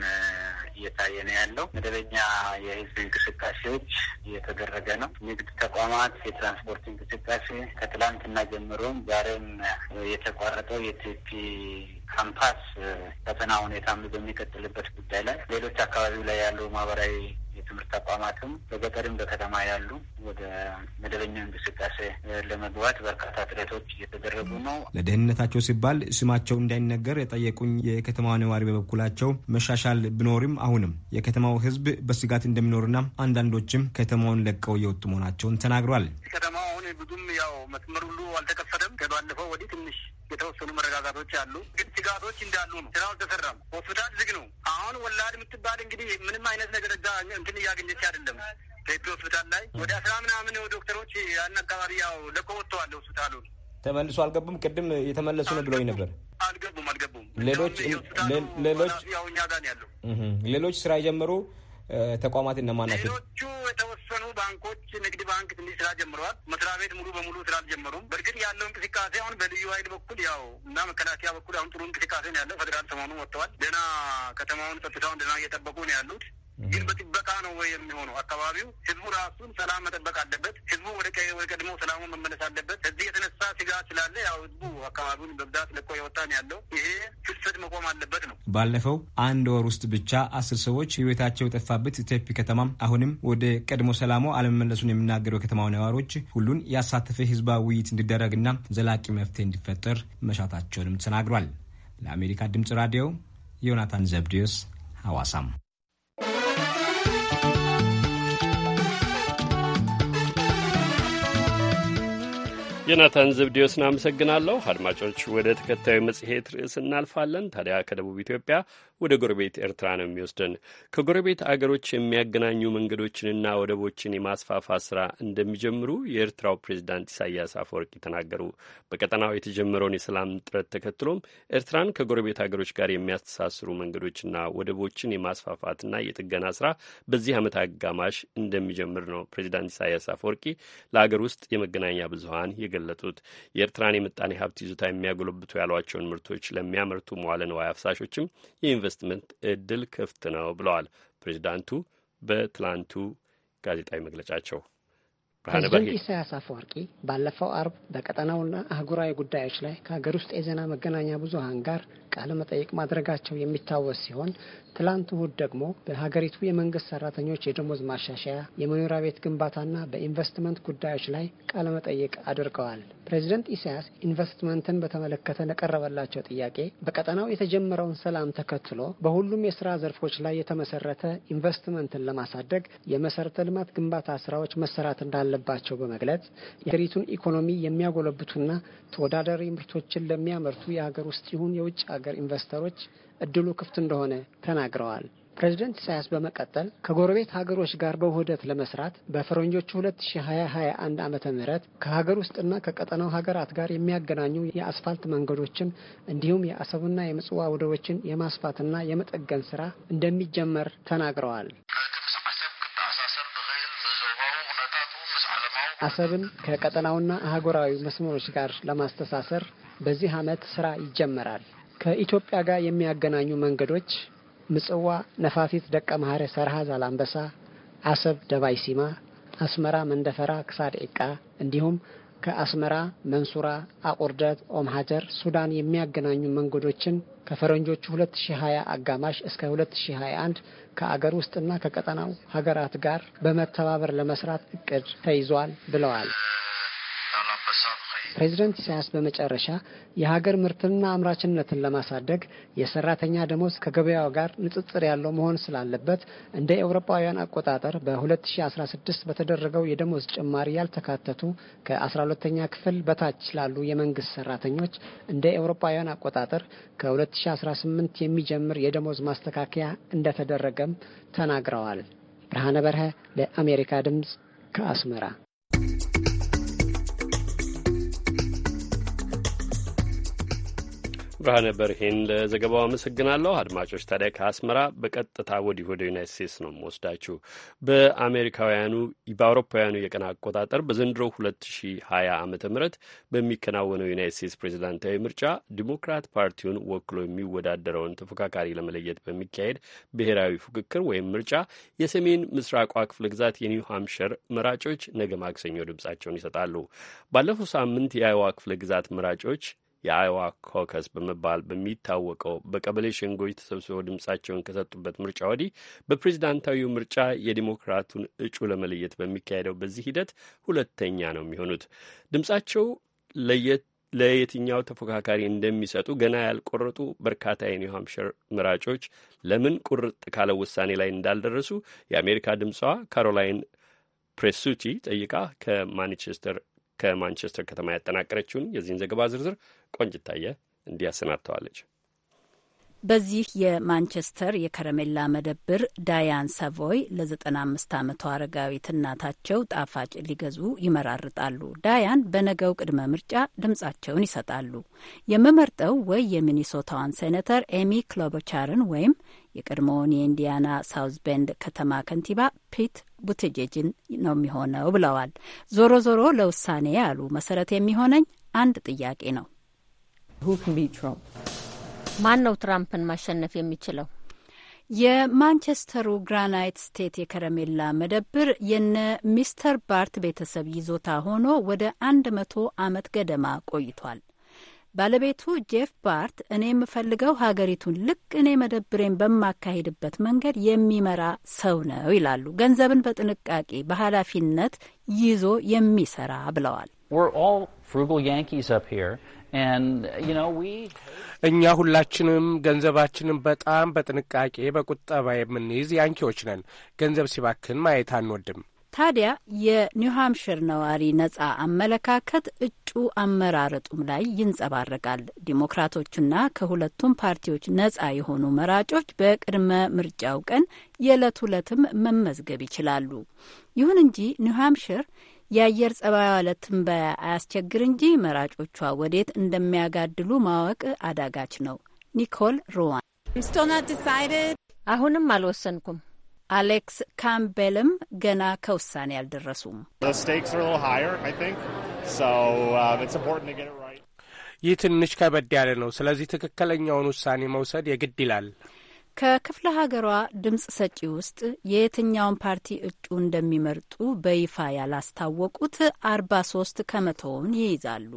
እየታየ ነው ያለው። መደበኛ የህዝብ እንቅስቃሴዎች እየተደረገ ነው። ንግድ ተቋማት፣ የትራንስፖርት እንቅስቃሴ ከትላንትና ጀምሮም ዛሬም የተቋረጠው የቴፒ ካምፓስ ፈተና ሁኔታ በሚቀጥልበት ጉዳይ ላይ ሌሎች አካባቢው ላይ ያሉ ማህበራዊ የትምህርት ተቋማትም በገጠርም በከተማ ያሉ ወደ መደበኛ እንቅስቃሴ ለመግባት በርካታ ጥረቶች እየተደረጉ ነው። ለደህንነታቸው ሲባል ስማቸው እንዳይነገር የጠየቁኝ የከተማዋ ነዋሪ በበኩላቸው መሻሻል ቢኖርም አሁንም የከተማው ህዝብ በስጋት እንደሚኖርና አንዳንዶችም ከተማውን ለቀው የወጡ መሆናቸውን ተናግሯል። ከተማው አሁን ብዙም ያው መስመር ሁሉ አልተከፈተም። ከባለፈው ወዲህ ትንሽ የተወሰኑ መረጋጋቶች አሉ፣ ግን ስጋቶች እንዳሉ ነው። ስራ አልተሰራም። ሆስፒታል ዝግ ነው። አሁን ወላድ የምትባል እንግዲህ ምንም አይነት ነገር እንትን እያገኘች አይደለም። ከኢትዮ ሆስፒታል ላይ ወደ አስራ ምናምን ዶክተሮች ያን አካባቢ ያው ለቆ ወጥተዋል ሆስፒታሉን ተመልሶ አልገቡም። ቅድም የተመለሱ ነው ብለውኝ ነበር። አልገቡም አልገቡም። ሌሎች ሌሎች ሌሎች ስራ የጀመሩ ተቋማት እነማን ናቸው? ሌሎቹ የተወሰኑ ባንኮች፣ ንግድ ባንክ ትንሽ ስራ ጀምረዋል። መስሪያ ቤት ሙሉ በሙሉ ስራ አልጀመሩም። በእርግጥ ያለው እንቅስቃሴ አሁን በልዩ ኃይል በኩል ያው እና መከላከያ በኩል አሁን ጥሩ እንቅስቃሴ ነው ያለው። ፌዴራል ሰሞኑን ወጥተዋል። ደህና ከተማውን ጸጥታውን ደህና እየጠበቁ ነው ያሉት ግን ነጻ ነው ወይ የሚሆነው? አካባቢው ህዝቡ ራሱን ሰላም መጠበቅ አለበት። ህዝቡ ወደ ቀ ወደ ቀድሞ ሰላሙ መመለስ አለበት። እዚህ የተነሳ ስጋት ስላለ ያው ህዝቡ አካባቢውን በብዛት ለቆ የወጣን ያለው ይሄ ፍሰት መቆም አለበት ነው። ባለፈው አንድ ወር ውስጥ ብቻ አስር ሰዎች ህይወታቸው የጠፋበት ቴፒ ከተማ አሁንም ወደ ቀድሞ ሰላሙ አለመመለሱን የሚናገረው የከተማው ነዋሪዎች ሁሉን ያሳተፈ ህዝባዊ ውይይት እንዲደረግና ዘላቂ መፍትሄ እንዲፈጠር መሻታቸውንም ተናግሯል። ለአሜሪካ ድምጽ ራዲዮ ዮናታን ዘብዲዮስ ሐዋሳም ዮናታን ዘብዴዎስን አመሰግናለሁ። አድማጮች፣ ወደ ተከታዩ መጽሔት ርዕስ እናልፋለን። ታዲያ ከደቡብ ኢትዮጵያ ወደ ጎረቤት ኤርትራ ነው የሚወስደን። ከጎረቤት አገሮች የሚያገናኙ መንገዶችንና ወደቦችን የማስፋፋት ስራ እንደሚጀምሩ የኤርትራው ፕሬዚዳንት ኢሳያስ አፈወርቂ ተናገሩ። በቀጠናው የተጀመረውን የሰላም ጥረት ተከትሎም ኤርትራን ከጎረቤት አገሮች ጋር የሚያስተሳስሩ መንገዶችና ወደቦችን የማስፋፋትና የጥገና ስራ በዚህ ዓመት አጋማሽ እንደሚጀምር ነው ፕሬዚዳንት ኢሳያስ አፈወርቂ ለአገር ውስጥ የመገናኛ ብዙሀን የገለጡት። የኤርትራን የምጣኔ ሀብት ይዞታ የሚያጎለብቱ ያሏቸውን ምርቶች ለሚያመርቱ መዋለ ንዋይ አፍሳሾችም የኢንቨስትመንት እድል ክፍት ነው ብለዋል ፕሬዚዳንቱ በትላንቱ ጋዜጣዊ መግለጫቸው። ፕሬዚደንት ኢሳያስ አፈወርቂ ባለፈው አርብ በቀጠናውና አህጉራዊ ጉዳዮች ላይ ከሀገር ውስጥ የዜና መገናኛ ብዙሀን ጋር ቃለ መጠይቅ ማድረጋቸው የሚታወስ ሲሆን ትላንት እሁድ ደግሞ በሀገሪቱ የመንግስት ሰራተኞች የደሞዝ ማሻሻያ፣ የመኖሪያ ቤት ግንባታና በኢንቨስትመንት ጉዳዮች ላይ ቃለ መጠይቅ አድርገዋል። ፕሬዚደንት ኢሳያስ ኢንቨስትመንትን በተመለከተ ለቀረበላቸው ጥያቄ በቀጠናው የተጀመረውን ሰላም ተከትሎ በሁሉም የስራ ዘርፎች ላይ የተመሰረተ ኢንቨስትመንትን ለማሳደግ የመሰረተ ልማት ግንባታ ስራዎች መሰራት እንዳለ እንዳለባቸው በመግለጽ የሀገሪቱን ኢኮኖሚ የሚያጎለብቱና ተወዳዳሪ ምርቶችን ለሚያመርቱ የሀገር ውስጥ ይሁን የውጭ ሀገር ኢንቨስተሮች እድሉ ክፍት እንደሆነ ተናግረዋል። ፕሬዚደንት ኢሳያስ በመቀጠል ከጎረቤት ሀገሮች ጋር በውህደት ለመስራት በፈረንጆቹ 2021 ዓ ም ከሀገር ውስጥና ከቀጠናው ሀገራት ጋር የሚያገናኙ የአስፋልት መንገዶችን እንዲሁም የአሰብና የምጽዋ ወደቦችን የማስፋትና የመጠገን ስራ እንደሚጀመር ተናግረዋል። አሰብን ከቀጠናውና አህጉራዊ መስመሮች ጋር ለማስተሳሰር በዚህ ዓመት ስራ ይጀመራል። ከኢትዮጵያ ጋር የሚያገናኙ መንገዶች ምጽዋ፣ ነፋፊት፣ ደቀ መሐረ፣ ሰርሃ፣ ዛላምበሳ፣ አሰብ፣ ደባይ ሲማ፣ አስመራ፣ መንደፈራ፣ ክሳድ ዒቃ እንዲሁም ከአስመራ መንሱራ፣ አቁርደት፣ ኦም ሀጀር ሱዳን የሚያገናኙ መንገዶችን ከፈረንጆቹ 2020 አጋማሽ እስከ 2021 ከአገር ውስጥና ከቀጠናው ሀገራት ጋር በመተባበር ለመስራት እቅድ ተይዟል ብለዋል። ፕሬዚደንት ኢሳያስ በመጨረሻ የሀገር ምርትና አምራችነትን ለማሳደግ የሰራተኛ ደሞዝ ከገበያው ጋር ንጽጽር ያለው መሆን ስላለበት እንደ ኤውሮፓውያን አቆጣጠር በ2016 በተደረገው የደሞዝ ጭማሪ ያልተካተቱ ከ12ኛ ክፍል በታች ላሉ የመንግስት ሰራተኞች እንደ ኤውሮፓውያን አቆጣጠር ከ2018 የሚጀምር የደሞዝ ማስተካከያ እንደተደረገም ተናግረዋል። ብርሃነ በርሀ ለአሜሪካ ድምፅ ከአስመራ ብርሃነ በርሄን ለዘገባው አመሰግናለሁ። አድማጮች ታዲያ ከአስመራ በቀጥታ ወዲህ ወደ ዩናይት ስቴትስ ነው የምወስዳችሁ። በአሜሪካውያኑ በአውሮፓውያኑ የቀን አቆጣጠር በዘንድሮ 2020 ዓ ም በሚከናወነው ዩናይት ስቴትስ ፕሬዚዳንታዊ ምርጫ ዲሞክራት ፓርቲውን ወክሎ የሚወዳደረውን ተፎካካሪ ለመለየት በሚካሄድ ብሔራዊ ፉክክር ወይም ምርጫ የሰሜን ምስራቋ ክፍለ ግዛት የኒው ሃምፕሸር መራጮች ነገ ማክሰኞ ድምጻቸውን ይሰጣሉ። ባለፈው ሳምንት የአይዋ ክፍለ ግዛት መራጮች የአይዋ ኮከስ በመባል በሚታወቀው በቀበሌ ሸንጎች ተሰብስበው ድምጻቸውን ከሰጡበት ምርጫ ወዲህ በፕሬዚዳንታዊ ምርጫ የዲሞክራቱን እጩ ለመለየት በሚካሄደው በዚህ ሂደት ሁለተኛ ነው የሚሆኑት። ድምጻቸው ለየት ለየትኛው ተፎካካሪ እንደሚሰጡ ገና ያልቆረጡ በርካታ የኒው ምራጮች ለምን ቁርጥ ካለ ውሳኔ ላይ እንዳልደረሱ የአሜሪካ ድምፅዋ ካሮላይን ፕሬሱቲ ጠይቃ ከማንቸስተር ከማንቸስተር ከተማ ያጠናቀረችውን የዚህን ዘገባ ዝርዝር ቆንጅታየ እንዲህ በዚህ የማንቸስተር የከረሜላ መደብር ዳያን ሰቮይ ለ95 ዓመቷ አረጋዊት እናታቸው ጣፋጭ ሊገዙ ይመራርጣሉ። ዳያን በነገው ቅድመ ምርጫ ድምጻቸውን ይሰጣሉ። የምመርጠው ወይ የሚኒሶታዋን ሴኔተር ኤሚ ክሎቦቻርን ወይም የቀድሞውን የኢንዲያና ሳውዝ ቤንድ ከተማ ከንቲባ ፒት ቡትጄጅን ነው የሚሆነው ብለዋል። ዞሮ ዞሮ ለውሳኔ ያሉ መሰረት የሚሆነኝ አንድ ጥያቄ ነው። ማን ነው ትራምፕን ማሸነፍ የሚችለው? የማንቸስተሩ ግራናይት ስቴት የከረሜላ መደብር የነ ሚስተር ባርት ቤተሰብ ይዞታ ሆኖ ወደ አንድ መቶ አመት ገደማ ቆይቷል። ባለቤቱ ጄፍ ባርት እኔ የምፈልገው ሀገሪቱን ልክ እኔ መደብሬን በማካሄድበት መንገድ የሚመራ ሰው ነው ይላሉ። ገንዘብን በጥንቃቄ በኃላፊነት ይዞ የሚሰራ ብለዋል። እኛ ሁላችንም ገንዘባችንን በጣም በጥንቃቄ በቁጠባ የምንይዝ ያንኪዎች ነን። ገንዘብ ሲባክን ማየት አንወድም። ታዲያ የኒውሃምሽር ነዋሪ ነጻ አመለካከት እጩ አመራረጡም ላይ ይንጸባረቃል። ዲሞክራቶችና ከሁለቱም ፓርቲዎች ነጻ የሆኑ መራጮች በቅድመ ምርጫው ቀን የዕለት ሁለትም መመዝገብ ይችላሉ። ይሁን እንጂ ኒውሃምሽር የአየር ጸባዩ ለትንበያ አያስቸግር እንጂ መራጮቿ ወዴት እንደሚያጋድሉ ማወቅ አዳጋች ነው። ኒኮል ሮዋን አሁንም አልወሰንኩም አሌክስ ካምቤልም ገና ከውሳኔ አልደረሱም። um, ይህ ትንሽ ከበድ ያለ ነው። ስለዚህ ትክክለኛውን ውሳኔ መውሰድ የግድ ይላል። ከክፍለ ሀገሯ ድምፅ ሰጪ ውስጥ የየትኛውን ፓርቲ እጩ እንደሚመርጡ በይፋ ያላስታወቁት አርባ ሶስት ከመቶውን ይይዛሉ።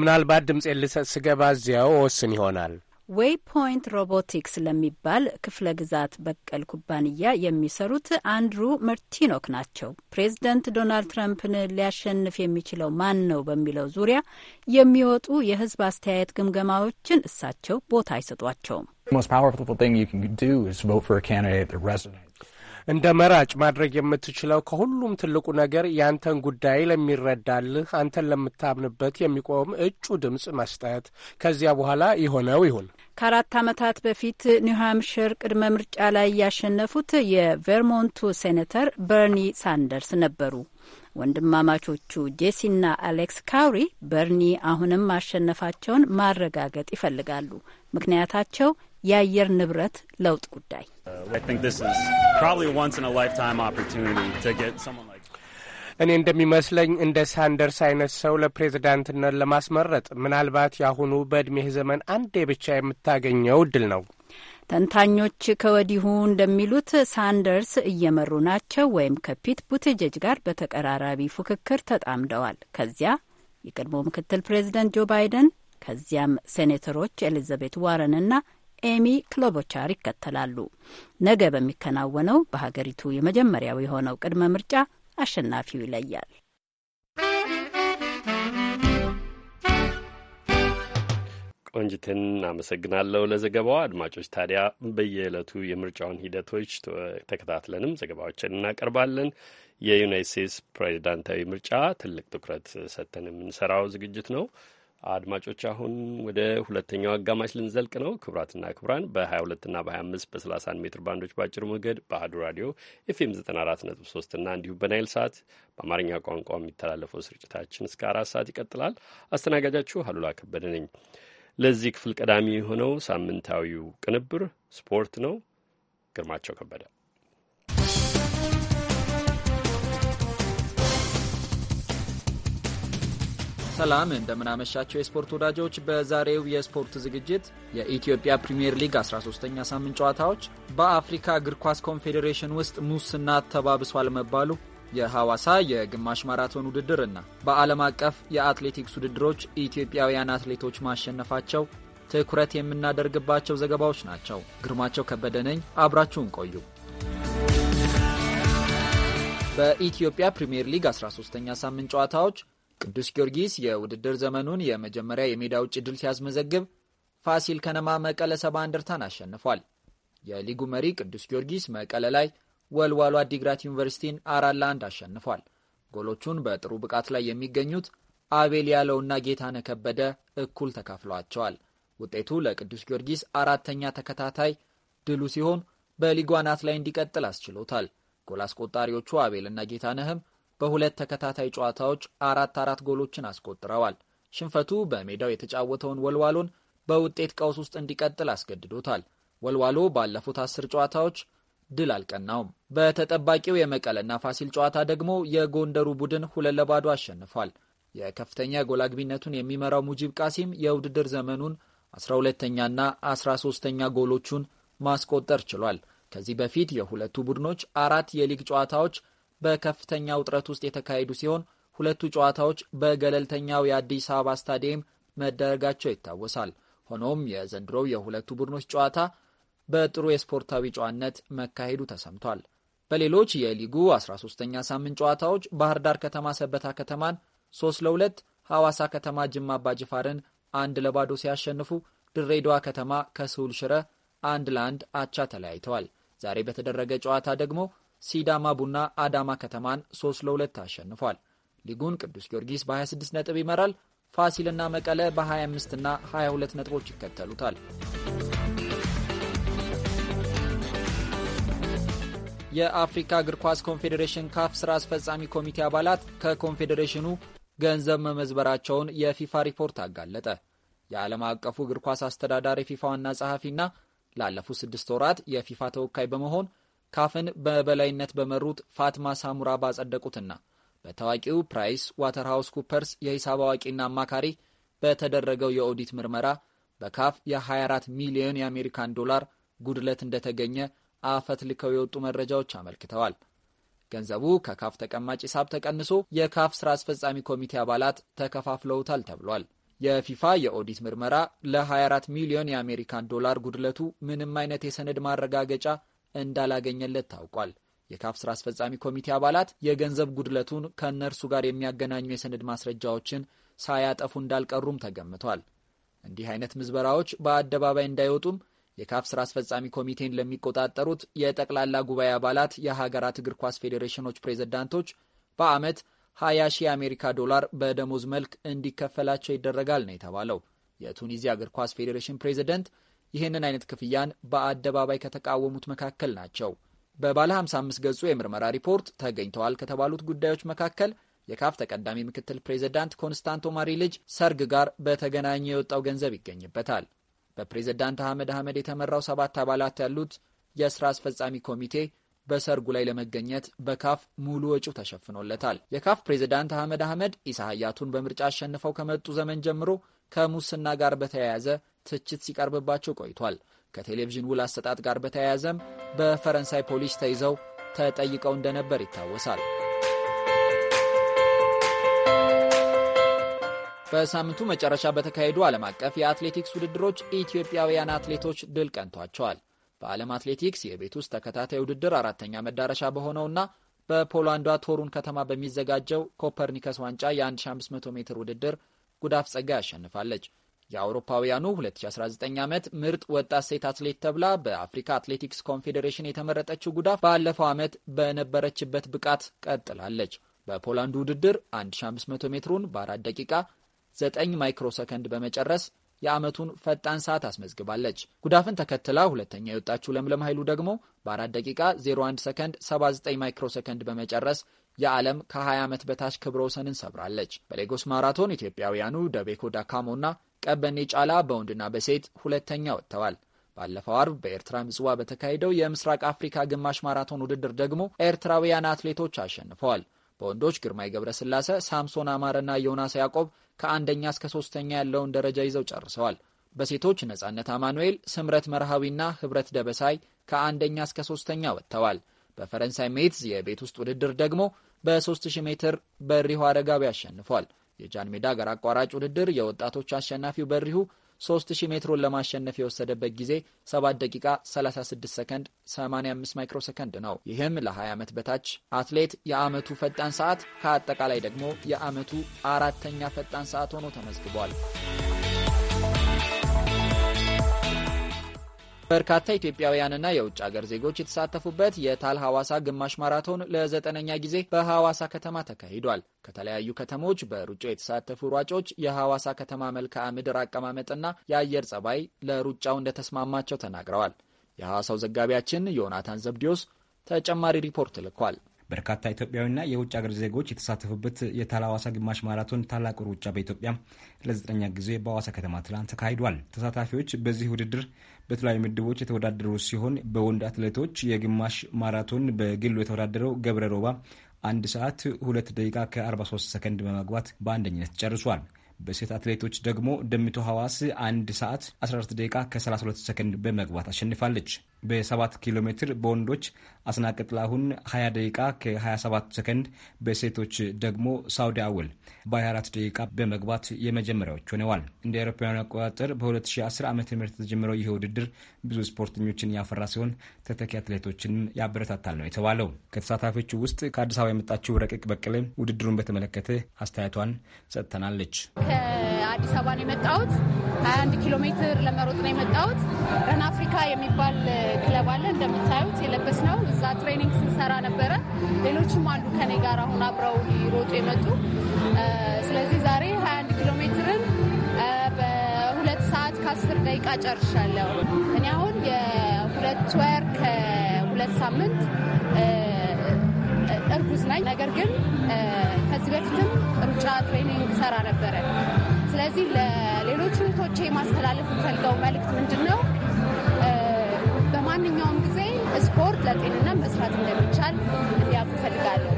ምናልባት ድምፄን ልሰጥ ስገባ እዚያው ወስን ይሆናል። ዌይ ፖይንት ሮቦቲክስ ለሚባል ክፍለ ግዛት በቀል ኩባንያ የሚሰሩት አንድሩ መርቲኖክ ናቸው። ፕሬዝደንት ዶናልድ ትራምፕን ሊያሸንፍ የሚችለው ማን ነው በሚለው ዙሪያ የሚወጡ የሕዝብ አስተያየት ግምገማዎችን እሳቸው ቦታ አይሰጧቸውም። እንደ መራጭ ማድረግ የምትችለው ከሁሉም ትልቁ ነገር ያንተን ጉዳይ ለሚረዳልህ፣ አንተን ለምታምንበት የሚቆም እጩ ድምፅ መስጠት። ከዚያ በኋላ የሆነው ይሁን። ከአራት ዓመታት በፊት ኒውሃምሽር ቅድመ ምርጫ ላይ ያሸነፉት የቬርሞንቱ ሴኔተር በርኒ ሳንደርስ ነበሩ። ወንድማማቾቹ ጄሲና አሌክስ ካውሪ በርኒ አሁንም ማሸነፋቸውን ማረጋገጥ ይፈልጋሉ። ምክንያታቸው የአየር ንብረት ለውጥ ጉዳይ uh, እኔ እንደሚመስለኝ እንደ ሳንደርስ አይነት ሰው ለፕሬዝዳንትነት ለማስመረጥ ምናልባት የአሁኑ በእድሜህ ዘመን አንዴ ብቻ የምታገኘው እድል ነው። ተንታኞች ከወዲሁ እንደሚሉት ሳንደርስ እየመሩ ናቸው ወይም ከፒት ቡትጀጅ ጋር በተቀራራቢ ፉክክር ተጣምደዋል። ከዚያ የቀድሞ ምክትል ፕሬዚደንት ጆ ባይደን፣ ከዚያም ሴኔተሮች ኤሊዛቤት ዋረንና ኤሚ ክሎቦቻር ይከተላሉ። ነገ በሚከናወነው በሀገሪቱ የመጀመሪያው የሆነው ቅድመ ምርጫ አሸናፊው ይለያል። ቆንጅትን አመሰግናለሁ ለዘገባው አድማጮች ታዲያ በየዕለቱ የምርጫውን ሂደቶች ተከታትለንም ዘገባዎችን እናቀርባለን። የዩናይት ስቴትስ ፕሬዚዳንታዊ ምርጫ ትልቅ ትኩረት ሰጥተን የምንሰራው ዝግጅት ነው። አድማጮች አሁን ወደ ሁለተኛው አጋማሽ ልንዘልቅ ነው። ክቡራትና ክቡራን በ22 እና በ25 በ31 ሜትር ባንዶች በአጭር ሞገድ በአህዱ ራዲዮ ኤፍኤም 94.3 እና እንዲሁም በናይል ሰዓት በአማርኛ ቋንቋ የሚተላለፈው ስርጭታችን እስከ አራት ሰዓት ይቀጥላል። አስተናጋጃችሁ አሉላ ከበደ ነኝ። ለዚህ ክፍል ቀዳሚ የሆነው ሳምንታዊው ቅንብር ስፖርት ነው። ግርማቸው ከበደ ሰላም እንደምናመሻቸው የስፖርት ወዳጆች፣ በዛሬው የስፖርት ዝግጅት የኢትዮጵያ ፕሪምየር ሊግ 13ኛ ሳምንት ጨዋታዎች፣ በአፍሪካ እግር ኳስ ኮንፌዴሬሽን ውስጥ ሙስና ተባብሷል መባሉ፣ የሐዋሳ የግማሽ ማራቶን ውድድር እና በዓለም አቀፍ የአትሌቲክስ ውድድሮች ኢትዮጵያውያን አትሌቶች ማሸነፋቸው ትኩረት የምናደርግባቸው ዘገባዎች ናቸው። ግርማቸው ከበደ ነኝ። አብራችሁን ቆዩ። በኢትዮጵያ ፕሪምየር ሊግ 13ኛ ሳምንት ጨዋታዎች ቅዱስ ጊዮርጊስ የውድድር ዘመኑን የመጀመሪያ የሜዳ ውጭ ድል ሲያስመዘግብ ፋሲል ከነማ መቀለ ሰባ እንደርታን አሸንፏል። የሊጉ መሪ ቅዱስ ጊዮርጊስ መቀለ ላይ ወልዋሎ አዲግራት ዩኒቨርሲቲን አራት ለአንድ አሸንፏል። ጎሎቹን በጥሩ ብቃት ላይ የሚገኙት አቤል ያለውና ጌታነህ ከበደ እኩል ተካፍለዋቸዋል። ውጤቱ ለቅዱስ ጊዮርጊስ አራተኛ ተከታታይ ድሉ ሲሆን በሊጉ አናት ላይ እንዲቀጥል አስችሎታል። ጎል አስቆጣሪዎቹ አቤልና ጌታነህም በሁለት ተከታታይ ጨዋታዎች አራት አራት ጎሎችን አስቆጥረዋል። ሽንፈቱ በሜዳው የተጫወተውን ወልዋሎን በውጤት ቀውስ ውስጥ እንዲቀጥል አስገድዶታል። ወልዋሎ ባለፉት አስር ጨዋታዎች ድል አልቀናውም። በተጠባቂው የመቀለና ፋሲል ጨዋታ ደግሞ የጎንደሩ ቡድን ሁለት ለባዶ አሸንፏል። የከፍተኛ ጎል አግቢነቱን የሚመራው ሙጂብ ቃሲም የውድድር ዘመኑን 12ተኛና 13ተኛ ጎሎቹን ማስቆጠር ችሏል። ከዚህ በፊት የሁለቱ ቡድኖች አራት የሊግ ጨዋታዎች በከፍተኛ ውጥረት ውስጥ የተካሄዱ ሲሆን ሁለቱ ጨዋታዎች በገለልተኛው የአዲስ አበባ ስታዲየም መደረጋቸው ይታወሳል። ሆኖም የዘንድሮው የሁለቱ ቡድኖች ጨዋታ በጥሩ የስፖርታዊ ጨዋነት መካሄዱ ተሰምቷል። በሌሎች የሊጉ 13ኛ ሳምንት ጨዋታዎች ባህር ዳር ከተማ ሰበታ ከተማን 3 ለሁለት፣ ሐዋሳ ከተማ ጅማ አባጅፋርን አንድ ለባዶ ሲያሸንፉ ድሬዳዋ ከተማ ከስሁል ሽረ አንድ ለአንድ አቻ ተለያይተዋል። ዛሬ በተደረገ ጨዋታ ደግሞ ሲዳማ ቡና አዳማ ከተማን 3 ለሁለት አሸንፏል። ሊጉን ቅዱስ ጊዮርጊስ በ26 ነጥብ ይመራል። ፋሲልና መቀለ በ25 እና 22 ነጥቦች ይከተሉታል። የአፍሪካ እግር ኳስ ኮንፌዴሬሽን ካፍ ስራ አስፈጻሚ ኮሚቴ አባላት ከኮንፌዴሬሽኑ ገንዘብ መመዝበራቸውን የፊፋ ሪፖርት አጋለጠ። የዓለም አቀፉ እግር ኳስ አስተዳዳሪ ፊፋ ዋና ጸሐፊና ላለፉት ስድስት ወራት የፊፋ ተወካይ በመሆን ካፍን በበላይነት በመሩት ፋትማ ሳሙራ ባጸደቁትና በታዋቂው ፕራይስ ዋተርሃውስ ኩፐርስ የሂሳብ አዋቂና አማካሪ በተደረገው የኦዲት ምርመራ በካፍ የ24 ሚሊዮን የአሜሪካን ዶላር ጉድለት እንደተገኘ አፈት ልከው የወጡ መረጃዎች አመልክተዋል። ገንዘቡ ከካፍ ተቀማጭ ሂሳብ ተቀንሶ የካፍ ስራ አስፈጻሚ ኮሚቴ አባላት ተከፋፍለውታል ተብሏል። የፊፋ የኦዲት ምርመራ ለ24 ሚሊዮን የአሜሪካን ዶላር ጉድለቱ ምንም አይነት የሰነድ ማረጋገጫ እንዳላገኘለት ታውቋል። የካፍ ስራ አስፈጻሚ ኮሚቴ አባላት የገንዘብ ጉድለቱን ከእነርሱ ጋር የሚያገናኙ የሰነድ ማስረጃዎችን ሳያጠፉ እንዳልቀሩም ተገምቷል። እንዲህ አይነት ምዝበራዎች በአደባባይ እንዳይወጡም የካፍ ስራ አስፈጻሚ ኮሚቴን ለሚቆጣጠሩት የጠቅላላ ጉባኤ አባላት የሀገራት እግር ኳስ ፌዴሬሽኖች ፕሬዝዳንቶች በዓመት 20 ሺህ የአሜሪካ ዶላር በደሞዝ መልክ እንዲከፈላቸው ይደረጋል ነው የተባለው። የቱኒዚያ እግር ኳስ ፌዴሬሽን ፕሬዝደንት ይህንን አይነት ክፍያን በአደባባይ ከተቃወሙት መካከል ናቸው። በባለ 55 ገጹ የምርመራ ሪፖርት ተገኝተዋል ከተባሉት ጉዳዮች መካከል የካፍ ተቀዳሚ ምክትል ፕሬዚዳንት ኮንስታንቶ ማሪ ልጅ ሰርግ ጋር በተገናኘ የወጣው ገንዘብ ይገኝበታል። በፕሬዝዳንት አህመድ አህመድ የተመራው ሰባት አባላት ያሉት የስራ አስፈጻሚ ኮሚቴ በሰርጉ ላይ ለመገኘት በካፍ ሙሉ ወጪው ተሸፍኖለታል። የካፍ ፕሬዝዳንት አህመድ አህመድ ኢሳ ሀያቱን በምርጫ አሸንፈው ከመጡ ዘመን ጀምሮ ከሙስና ጋር በተያያዘ ትችት ሲቀርብባቸው ቆይቷል። ከቴሌቪዥን ውል አሰጣጥ ጋር በተያያዘም በፈረንሳይ ፖሊስ ተይዘው ተጠይቀው እንደነበር ይታወሳል። በሳምንቱ መጨረሻ በተካሄዱ ዓለም አቀፍ የአትሌቲክስ ውድድሮች ኢትዮጵያውያን አትሌቶች ድል ቀንቷቸዋል። በዓለም አትሌቲክስ የቤት ውስጥ ተከታታይ ውድድር አራተኛ መዳረሻ በሆነውና በፖላንዷ ቶሩን ከተማ በሚዘጋጀው ኮፐርኒከስ ዋንጫ የ1500 ሜትር ውድድር ጉዳፍ ጸጋ ያሸንፋለች። የአውሮፓውያኑ 2019 ዓመት ምርጥ ወጣት ሴት አትሌት ተብላ በአፍሪካ አትሌቲክስ ኮንፌዴሬሽን የተመረጠችው ጉዳፍ ባለፈው ዓመት በነበረችበት ብቃት ቀጥላለች። በፖላንዱ ውድድር 1500 ሜትሩን በ4 ደቂቃ 9 ማይክሮ ሰከንድ በመጨረስ የዓመቱን ፈጣን ሰዓት አስመዝግባለች። ጉዳፍን ተከትላ ሁለተኛ የወጣችው ለምለም ኃይሉ ደግሞ በ4 ደቂቃ 01 ሰከንድ 79 ማይክሮ ሰከንድ በመጨረስ የዓለም ከ20 ዓመት በታች ክብረ ወሰንን ሰብራለች። በሌጎስ ማራቶን ኢትዮጵያውያኑ ደቤኮ ዳካሞና ቀበኔ ጫላ በወንድና በሴት ሁለተኛ ወጥተዋል። ባለፈው አርብ በኤርትራ ምጽዋ በተካሄደው የምስራቅ አፍሪካ ግማሽ ማራቶን ውድድር ደግሞ ኤርትራውያን አትሌቶች አሸንፈዋል። በወንዶች ግርማይ ገብረስላሴ፣ ሳምሶን አማረና ዮናስ ያዕቆብ ከአንደኛ እስከ ሶስተኛ ያለውን ደረጃ ይዘው ጨርሰዋል። በሴቶች ነጻነት አማኑኤል፣ ስምረት መርሃዊና ህብረት ደበሳይ ከአንደኛ እስከ ሶስተኛ ወጥተዋል። በፈረንሳይ ሜትዝ የቤት ውስጥ ውድድር ደግሞ በ3000 ሜትር በሪሁ አረጋዊ አሸንፏል። የጃን ሜዳ አገር አቋራጭ ውድድር የወጣቶች አሸናፊው በሪሁ 3000 ሜትሩን ለማሸነፍ የወሰደበት ጊዜ 7 ደቂቃ 36 ሰከንድ 85 ማይክሮ ሰከንድ ነው። ይህም ለ20 ዓመት በታች አትሌት የዓመቱ ፈጣን ሰዓት ከአጠቃላይ ደግሞ የዓመቱ አራተኛ ፈጣን ሰዓት ሆኖ ተመዝግቧል። በርካታ ኢትዮጵያውያንና የውጭ ሀገር ዜጎች የተሳተፉበት የታል ሐዋሳ ግማሽ ማራቶን ለዘጠነኛ ጊዜ በሐዋሳ ከተማ ተካሂዷል። ከተለያዩ ከተሞች በሩጫው የተሳተፉ ሯጮች የሐዋሳ ከተማ መልክዓ ምድር አቀማመጥና የአየር ጸባይ ለሩጫው እንደተስማማቸው ተናግረዋል። የሐዋሳው ዘጋቢያችን ዮናታን ዘብዲዮስ ተጨማሪ ሪፖርት ልኳል። በርካታ ኢትዮጵያዊና የውጭ ሀገር ዜጎች የተሳተፉበት ሐዋሳ ግማሽ ማራቶን ታላቁ ሩጫ በኢትዮጵያ ለዘጠነኛ ጊዜ በሐዋሳ ከተማ ትላንት ተካሂዷል። ተሳታፊዎች በዚህ ውድድር በተለያዩ ምድቦች የተወዳደሩ ሲሆን በወንድ አትሌቶች የግማሽ ማራቶን በግሉ የተወዳደረው ገብረ ሮባ አንድ ሰዓት ሁለት ደቂቃ ከ43 ሰከንድ በመግባት በአንደኝነት ጨርሷል። በሴት አትሌቶች ደግሞ ደምቶ ሐዋስ አንድ ሰዓት 14 ደቂቃ ከ32 ሰከንድ በመግባት አሸንፋለች። በ7 ኪሎ ሜትር በወንዶች አስናቀ ጥላሁን 20 ደቂቃ ከ27 ሰከንድ፣ በሴቶች ደግሞ ሳውዲ አውል በ24 ደቂቃ በመግባት የመጀመሪያዎች ሆነዋል። እንደ አውሮፓውያን አቆጣጠር በ2010 ዓ ም ተጀምረው ይህ ውድድር ብዙ ስፖርተኞችን ያፈራ ሲሆን ተተኪ አትሌቶችንም ያበረታታል ነው የተባለው። ከተሳታፊዎቹ ውስጥ ከአዲስ አበባ የመጣችው ረቂቅ በቀለ ውድድሩን በተመለከተ አስተያየቷን ሰጥተናለች። ከአዲስ አበባ ነው የመጣሁት። 21 ኪሎ ሜትር ለመሮጥ ነው የመጣሁት። ረን አፍሪካ የሚባል ክለብ አለ እንደምታዩት የለበስ ነው። እዛ ትሬኒንግ ስንሰራ ነበረ። ሌሎችም አሉ ከኔ ጋር አሁን አብረው ሊሮጡ የመጡ ስለዚህ ዛሬ 21 ኪሎ ሜትርን በሁለት ሰዓት ከአስር ደቂቃ ጨርሻለሁ። እኔ አሁን የሁለት ወር ከሁለት ሳምንት እርጉዝ ነኝ። ነገር ግን ከዚህ በፊትም ሩጫ ትሬኒንግ ሰራ ነበረ። ስለዚህ ለሌሎች እህቶቼ ማስተላለፍ የምፈልገው መልእክት ምንድን ነው? በማንኛውም ጊዜ ስፖርት ለጤንነት መስራት እንደሚቻል እንዲያውቁ እፈልጋለሁ።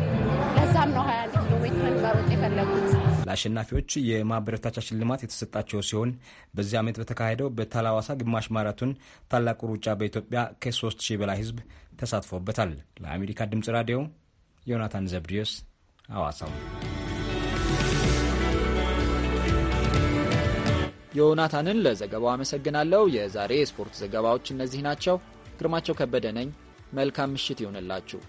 ለዛም ነው 21 ኪሎ ሜትርን መሮጥ የፈለጉት። ለአሸናፊዎች የማበረታቻ ሽልማት የተሰጣቸው ሲሆን በዚህ ዓመት በተካሄደው በታላዋሳ ግማሽ ማራቶን ታላቁ ሩጫ በኢትዮጵያ ከ3000 በላይ ሕዝብ ተሳትፎበታል። ለአሜሪካ ድምፅ ራዲዮ ዮናታን ዘብድዮስ አዋሳው። ዮናታንን ለዘገባው አመሰግናለሁ። የዛሬ የስፖርት ዘገባዎች እነዚህ ናቸው። ግርማቸው ከበደ ነኝ። መልካም ምሽት ይሆንላችሁ።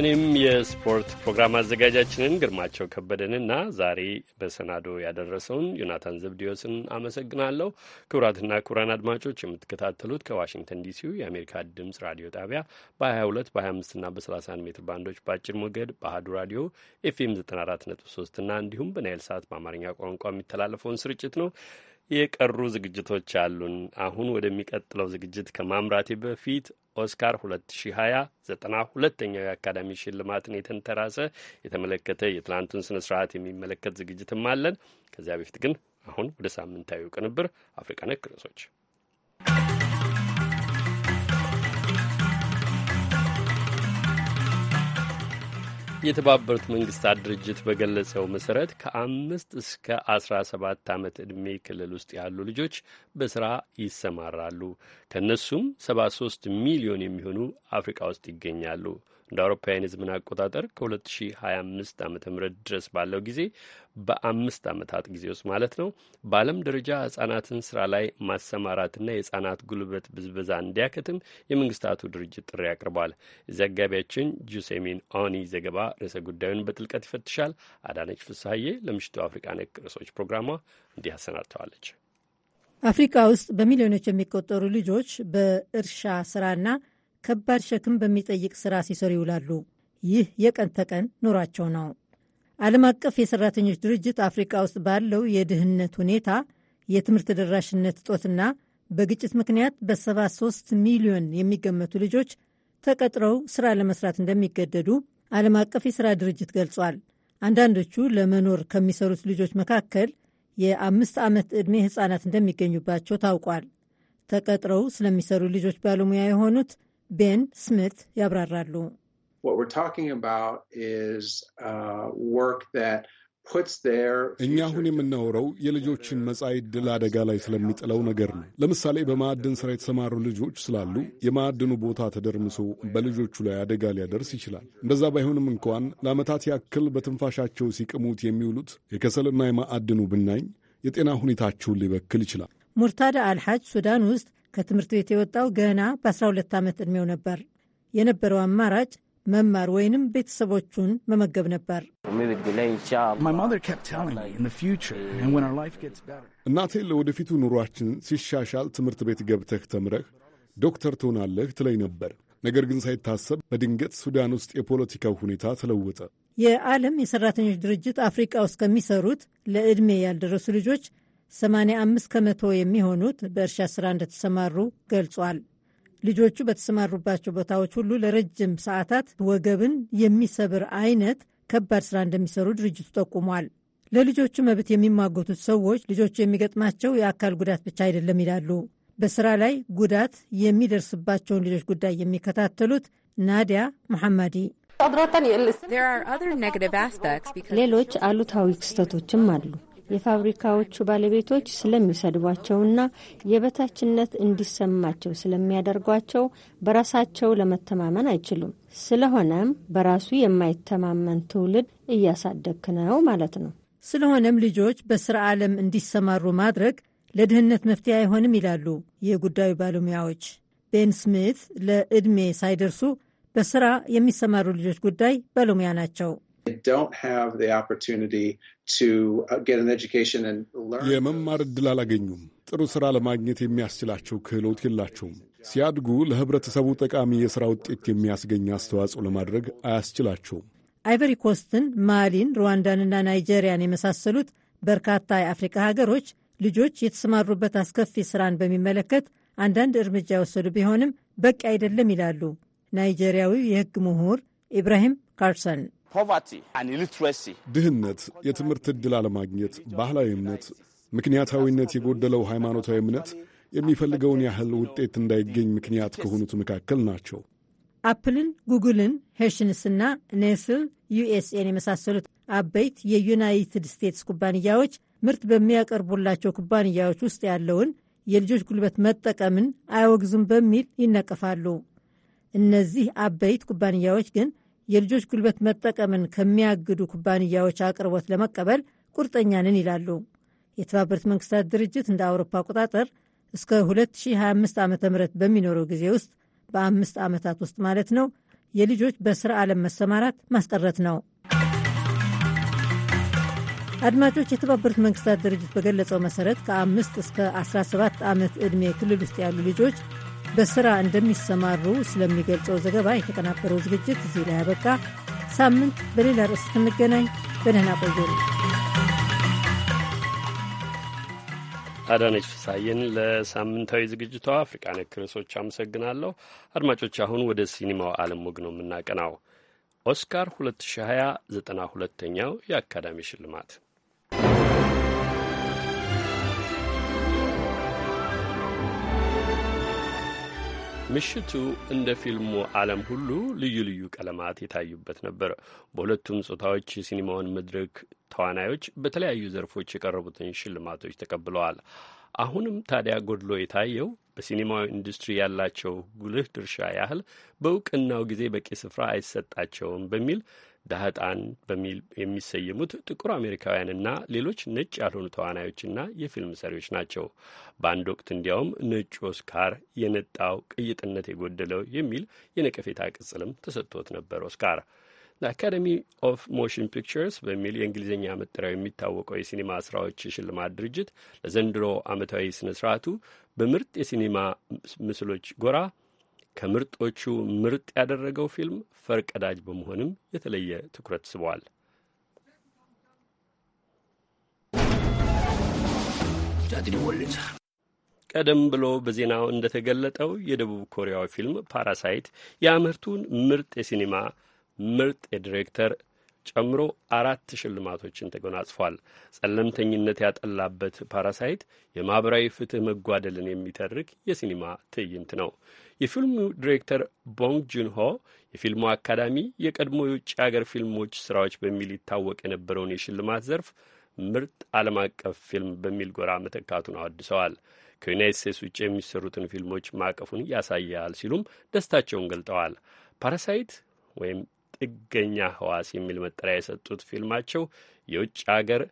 እኔም የስፖርት ፕሮግራም አዘጋጃችንን ግርማቸው ከበደንና ዛሬ በሰናዶ ያደረሰውን ዮናታን ዘብዲዮስን አመሰግናለሁ። ክቡራትና ክቡራን አድማጮች የምትከታተሉት ከዋሽንግተን ዲሲው የአሜሪካ ድምጽ ራዲዮ ጣቢያ በ22 በ25ና በ31 ሜትር ባንዶች በአጭር ሞገድ በአህዱ ራዲዮ ኤፍኤም 94.3 እና እንዲሁም በናይል ሰዓት በአማርኛ ቋንቋ የሚተላለፈውን ስርጭት ነው። የቀሩ ዝግጅቶች አሉን። አሁን ወደሚቀጥለው ዝግጅት ከማምራቴ በፊት ኦስካር 2020 ዘጠና ሁለተኛው የአካዳሚ ሽልማትን የተንተራሰ የተመለከተ የትናንቱን ስነ ስርዓት የሚመለከት ዝግጅትም አለን። ከዚያ በፊት ግን አሁን ወደ ሳምንታዊ ቅንብር አፍሪቃ ነክ ርዕሶች የተባበሩት መንግስታት ድርጅት በገለጸው መሰረት ከአምስት እስከ አስራ ሰባት ዓመት ዕድሜ ክልል ውስጥ ያሉ ልጆች በስራ ይሰማራሉ። ከእነሱም ሰባ ሶስት ሚሊዮን የሚሆኑ አፍሪካ ውስጥ ይገኛሉ። እንደ አውሮፓውያን የዘመን አቆጣጠር ከ2025 ዓ ም ድረስ ባለው ጊዜ በአምስት ዓመታት ጊዜ ውስጥ ማለት ነው በዓለም ደረጃ ህጻናትን ስራ ላይ ማሰማራትና የህጻናት ጉልበት ብዝበዛ እንዲያከትም የመንግስታቱ ድርጅት ጥሪ አቅርቧል። ዘጋቢያችን ጁሴሚን ኦኒ ዘገባ ርዕሰ ጉዳዩን በጥልቀት ይፈትሻል። አዳነች ፍስሀዬ ለምሽቱ አፍሪቃ ነክ ርዕሶች ፕሮግራሟ እንዲህ አሰናድተዋለች። አፍሪካ ውስጥ በሚሊዮኖች የሚቆጠሩ ልጆች በእርሻ ስራና ከባድ ሸክም በሚጠይቅ ስራ ሲሰሩ ይውላሉ። ይህ የቀን ተቀን ኑሯቸው ነው። ዓለም አቀፍ የሰራተኞች ድርጅት አፍሪካ ውስጥ ባለው የድህነት ሁኔታ፣ የትምህርት ተደራሽነት እጦትና በግጭት ምክንያት በ73 ሚሊዮን የሚገመቱ ልጆች ተቀጥረው ስራ ለመስራት እንደሚገደዱ ዓለም አቀፍ የሥራ ድርጅት ገልጿል። አንዳንዶቹ ለመኖር ከሚሰሩት ልጆች መካከል የአምስት ዓመት ዕድሜ ሕፃናት እንደሚገኙባቸው ታውቋል። ተቀጥረው ስለሚሰሩ ልጆች ባለሙያ የሆኑት ቤን ስሚት ያብራራሉ። uh, እኛ አሁን የምናወረው የልጆችን መጻኢ ዕድል አደጋ ላይ ስለሚጥለው ነገር ነው። ለምሳሌ በማዕድን ስራ የተሰማሩ ልጆች ስላሉ የማዕድኑ ቦታ ተደርምሶ በልጆቹ ላይ አደጋ ሊያደርስ ይችላል። እንደዛ ባይሆንም እንኳን ለዓመታት ያክል በትንፋሻቸው ሲቅሙት የሚውሉት የከሰልና የማዕድኑ ብናኝ የጤና ሁኔታቸውን ሊበክል ይችላል። ሙርታዳ አልሐጅ ሱዳን ውስጥ ከትምህርት ቤት የወጣው ገና በ12 ዓመት ዕድሜው ነበር። የነበረው አማራጭ መማር ወይንም ቤተሰቦቹን መመገብ ነበር። እናቴ ለወደፊቱ ኑሯችን ሲሻሻል ትምህርት ቤት ገብተህ ተምረህ ዶክተር ትሆናለህ ትለይ ነበር። ነገር ግን ሳይታሰብ በድንገት ሱዳን ውስጥ የፖለቲካው ሁኔታ ተለወጠ። የዓለም የሰራተኞች ድርጅት አፍሪቃ ውስጥ ከሚሰሩት ለዕድሜ ያልደረሱ ልጆች 85 ከመቶ የሚሆኑት በእርሻ ስራ እንደተሰማሩ ገልጿል። ልጆቹ በተሰማሩባቸው ቦታዎች ሁሉ ለረጅም ሰዓታት ወገብን የሚሰብር አይነት ከባድ ስራ እንደሚሰሩ ድርጅቱ ጠቁሟል። ለልጆቹ መብት የሚሟገቱት ሰዎች ልጆቹ የሚገጥማቸው የአካል ጉዳት ብቻ አይደለም ይላሉ። በስራ ላይ ጉዳት የሚደርስባቸውን ልጆች ጉዳይ የሚከታተሉት ናዲያ መሐመዲ ሌሎች አሉታዊ ክስተቶችም አሉ። የፋብሪካዎቹ ባለቤቶች ስለሚሰድቧቸውና የበታችነት እንዲሰማቸው ስለሚያደርጓቸው በራሳቸው ለመተማመን አይችሉም። ስለሆነም በራሱ የማይተማመን ትውልድ እያሳደግክ ነው ማለት ነው። ስለሆነም ልጆች በስራ ዓለም እንዲሰማሩ ማድረግ ለድህነት መፍትሄ አይሆንም ይላሉ የጉዳዩ ባለሙያዎች። ቤን ስሚት ለዕድሜ ሳይደርሱ በስራ የሚሰማሩ ልጆች ጉዳይ ባለሙያ ናቸው። Uh, የመማር እድል አላገኙም። ጥሩ ስራ ለማግኘት የሚያስችላቸው ክህሎት የላቸውም። ሲያድጉ ለህብረተሰቡ ጠቃሚ የሥራ ውጤት የሚያስገኝ አስተዋጽኦ ለማድረግ አያስችላቸውም። አይቨሪ ኮስትን፣ ማሊን፣ ሩዋንዳንና ናይጄሪያን የመሳሰሉት በርካታ የአፍሪካ ሀገሮች ልጆች የተሰማሩበት አስከፊ ሥራን በሚመለከት አንዳንድ እርምጃ የወሰዱ ቢሆንም በቂ አይደለም ይላሉ ናይጄሪያዊው የሕግ ምሁር ኢብራሂም ካርሰን። ድህነት፣ የትምህርት ዕድል አለማግኘት፣ ባህላዊ እምነት፣ ምክንያታዊነት የጎደለው ሃይማኖታዊ እምነት የሚፈልገውን ያህል ውጤት እንዳይገኝ ምክንያት ከሆኑት መካከል ናቸው። አፕልን፣ ጉግልን፣ ሄሽንስና ኔስል ዩኤስኤን የመሳሰሉት አበይት የዩናይትድ ስቴትስ ኩባንያዎች ምርት በሚያቀርቡላቸው ኩባንያዎች ውስጥ ያለውን የልጆች ጉልበት መጠቀምን አያወግዙም በሚል ይነቀፋሉ። እነዚህ አበይት ኩባንያዎች ግን የልጆች ጉልበት መጠቀምን ከሚያግዱ ኩባንያዎች አቅርቦት ለመቀበል ቁርጠኛ ነን ይላሉ። የተባበሩት መንግስታት ድርጅት እንደ አውሮፓ አቆጣጠር እስከ 2025 ዓ ም በሚኖረው ጊዜ ውስጥ በአምስት ዓመታት ውስጥ ማለት ነው የልጆች በስራ ዓለም መሰማራት ማስቀረት ነው። አድማጮች፣ የተባበሩት መንግስታት ድርጅት በገለጸው መሰረት ከአምስት እስከ 17 ዓመት ዕድሜ ክልል ውስጥ ያሉ ልጆች በስራ እንደሚሰማሩ ስለሚገልጸው ዘገባ የተቀናበረው ዝግጅት እዚህ ላይ ያበቃ። ሳምንት በሌላ ርዕስ እስክንገናኝ በደህና ቆየሩ። አዳነች ፍሳዬን ለሳምንታዊ ዝግጅቷ አፍሪቃ ነክ ርዕሶች አመሰግናለሁ። አድማጮች፣ አሁን ወደ ሲኒማው ዓለም ወግ ነው የምናቀናው። ኦስካር 2020 92ኛው የአካዳሚ ሽልማት ምሽቱ እንደ ፊልሙ ዓለም ሁሉ ልዩ ልዩ ቀለማት የታዩበት ነበር። በሁለቱም ጾታዎች የሲኒማውን መድረክ ተዋናዮች በተለያዩ ዘርፎች የቀረቡትን ሽልማቶች ተቀብለዋል። አሁንም ታዲያ ጎድሎ የታየው በሲኒማዊ ኢንዱስትሪ ያላቸው ጉልህ ድርሻ ያህል በእውቅናው ጊዜ በቂ ስፍራ አይሰጣቸውም በሚል ዳህጣን በሚል የሚሰየሙት ጥቁር አሜሪካውያንና ሌሎች ነጭ ያልሆኑ ተዋናዮችና የፊልም ሰሪዎች ናቸው። በአንድ ወቅት እንዲያውም ነጩ ኦስካር የነጣው ቅይጥነት የጎደለው የሚል የነቀፌታ ቅጽልም ተሰጥቶት ነበር። ኦስካር ለአካደሚ ኦፍ ሞሽን ፒክቸርስ በሚል የእንግሊዝኛ መጠሪያው የሚታወቀው የሲኔማ ስራዎች የሽልማት ድርጅት ለዘንድሮ ዓመታዊ ስነ ስርዓቱ በምርጥ የሲኔማ ምስሎች ጎራ ከምርጦቹ ምርጥ ያደረገው ፊልም ፈርቀዳጅ በመሆንም የተለየ ትኩረት ስቧል። ቀደም ብሎ በዜናው እንደተገለጠው የደቡብ ኮሪያው ፊልም ፓራሳይት የአመርቱን ምርጥ የሲኒማ ምርጥ የዲሬክተር ጨምሮ አራት ሽልማቶችን ተጎናጽፏል። ጸለምተኝነት ያጠላበት ፓራሳይት የማኅበራዊ ፍትሕ መጓደልን የሚተርክ የሲኒማ ትዕይንት ነው። የፊልሙ ዲሬክተር ቦንግ ጁንሆ የፊልሙ አካዳሚ የቀድሞ የውጭ አገር ፊልሞች ስራዎች በሚል ይታወቅ የነበረውን የሽልማት ዘርፍ ምርጥ ዓለም አቀፍ ፊልም በሚል ጎራ መተካቱን አወድሰዋል። ከዩናይት ስቴትስ ውጭ የሚሰሩትን ፊልሞች ማዕቀፉን ያሳያል ሲሉም ደስታቸውን ገልጠዋል። ፓራሳይት ወይም ጥገኛ ህዋስ የሚል መጠሪያ የሰጡት ፊልማቸው የውጭ አገር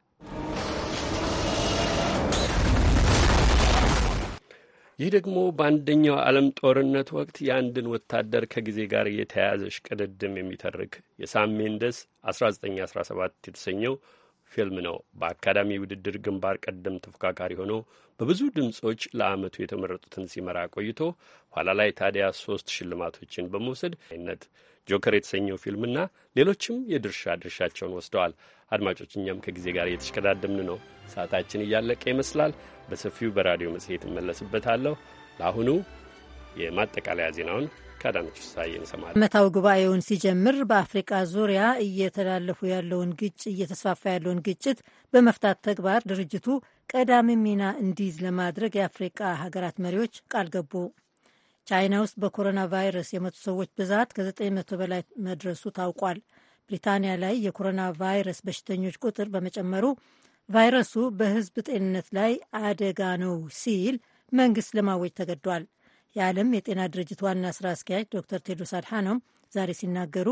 ይህ ደግሞ በአንደኛው ዓለም ጦርነት ወቅት የአንድን ወታደር ከጊዜ ጋር የተያያዘ ሽቅድድም የሚተርክ የሳም 1917 የተሰኘው ፊልም ነው። በአካዳሚ ውድድር ግንባር ቀደም ተፎካካሪ ሆኖ በብዙ ድምፆች ለአመቱ የተመረጡትን ሲመራ ቆይቶ ኋላ ላይ ታዲያ ሶስት ሽልማቶችን በመውሰድ አይነት ጆከር የተሰኘው ፊልምና ሌሎችም የድርሻ ድርሻቸውን ወስደዋል። አድማጮች፣ እኛም ከጊዜ ጋር እየተሽቀዳደምን ነው። ሰዓታችን እያለቀ ይመስላል። በሰፊው በራዲዮ መጽሔት እመለስበታለሁ። ለአሁኑ የማጠቃለያ ዜናውን ከአዳነች ውሳዬ እንሰማለን። ዓመታዊ ጉባኤውን ሲጀምር በአፍሪቃ ዙሪያ እየተላለፉ ያለውን ግጭ እየተስፋፋ ያለውን ግጭት በመፍታት ተግባር ድርጅቱ ቀዳሚ ሚና እንዲይዝ ለማድረግ የአፍሪቃ ሀገራት መሪዎች ቃል ገቡ። ቻይና ውስጥ በኮሮና ቫይረስ የሞቱ ሰዎች ብዛት ከ900 በላይ መድረሱ ታውቋል። ብሪታንያ ላይ የኮሮና ቫይረስ በሽተኞች ቁጥር በመጨመሩ ቫይረሱ በሕዝብ ጤንነት ላይ አደጋ ነው ሲል መንግስት ለማወጅ ተገዷል። የዓለም የጤና ድርጅት ዋና ስራ አስኪያጅ ዶክተር ቴድሮስ አድሓኖም ዛሬ ሲናገሩ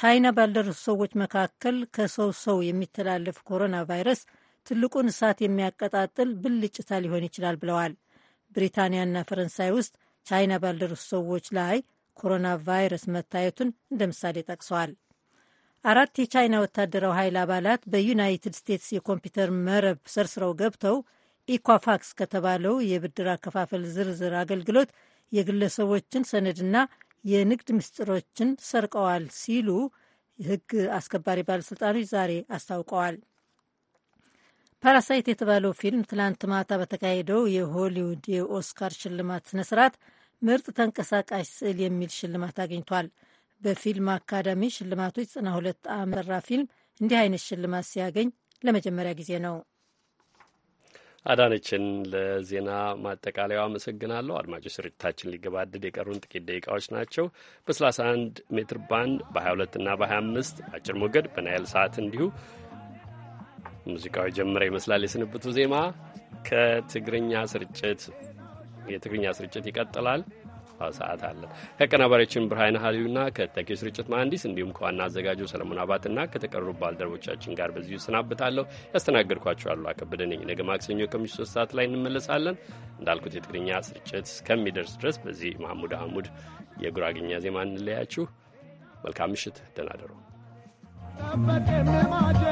ቻይና ባልደረሱ ሰዎች መካከል ከሰው ሰው የሚተላለፍ ኮሮና ቫይረስ ትልቁን እሳት የሚያቀጣጥል ብልጭታ ሊሆን ይችላል ብለዋል። ብሪታንያና ፈረንሳይ ውስጥ ቻይና ባልደረሱ ሰዎች ላይ ኮሮና ቫይረስ መታየቱን እንደ ምሳሌ ጠቅሰዋል። አራት የቻይና ወታደራዊ ኃይል አባላት በዩናይትድ ስቴትስ የኮምፒውተር መረብ ሰርስረው ገብተው ኢኳፋክስ ከተባለው የብድር አከፋፈል ዝርዝር አገልግሎት የግለሰቦችን ሰነድና የንግድ ምስጢሮችን ሰርቀዋል ሲሉ ህግ አስከባሪ ባለሥልጣኖች ዛሬ አስታውቀዋል። ፓራሳይት የተባለው ፊልም ትላንት ማታ በተካሄደው የሆሊውድ የኦስካር ሽልማት ስነ ስርዓት ምርጥ ተንቀሳቃሽ ስዕል የሚል ሽልማት አግኝቷል። በፊልም አካዳሚ ሽልማቶች ዘጠና ሁለት አመራ ፊልም እንዲህ አይነት ሽልማት ሲያገኝ ለመጀመሪያ ጊዜ ነው። አዳነችን ለዜና ማጠቃለያው አመሰግናለሁ። አድማጮች ስርጭታችን ሊገባደድ የቀሩን ጥቂት ደቂቃዎች ናቸው። በ31 ሜትር ባንድ በ22 እና በ25 አጭር ሞገድ በናይል ሰዓት እንዲሁ ሙዚቃው ጀምረ ይመስላል የስንብቱ ዜማ ከትግርኛ ስርጭት የትግርኛ ስርጭት ይቀጥላል። ሰዓት አለን ከአቀናባሪያችን ብርሃን ሀሊዩና ከተኪው ስርጭት መሐንዲስ እንዲሁም ከዋና አዘጋጁ ሰለሞን አባትና ከተቀሩ ባልደረቦቻችን ጋር በዚሁ እሰናብታለሁ። ያስተናገድኳችኋሉ ከበደ ነኝ። ነገ ማክሰኞ ከምሽቱ ሶስት ሰዓት ላይ እንመለሳለን። እንዳልኩት የትግርኛ ስርጭት እስከሚደርስ ድረስ በዚህ መሐሙድ አህሙድ የጉራግኛ ዜማ እንለያችሁ። መልካም ምሽት፣ ደህና እደሩ። ጠበቀ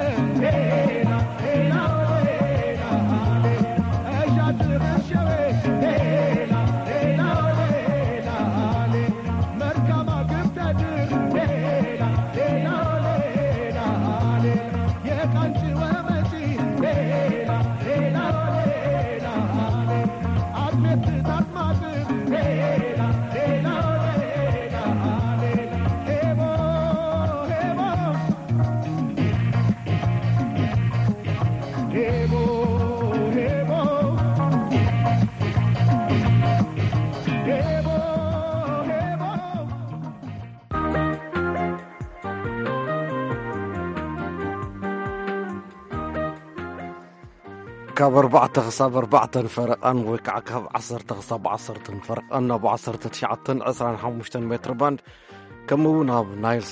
كاب أربعة تغصب أربعة تنفرق أن ويك عكاب عصر تغصاب عصر تنفرق أن أبو عصر تتشعطن أسران حمشتن متر بند كم نايل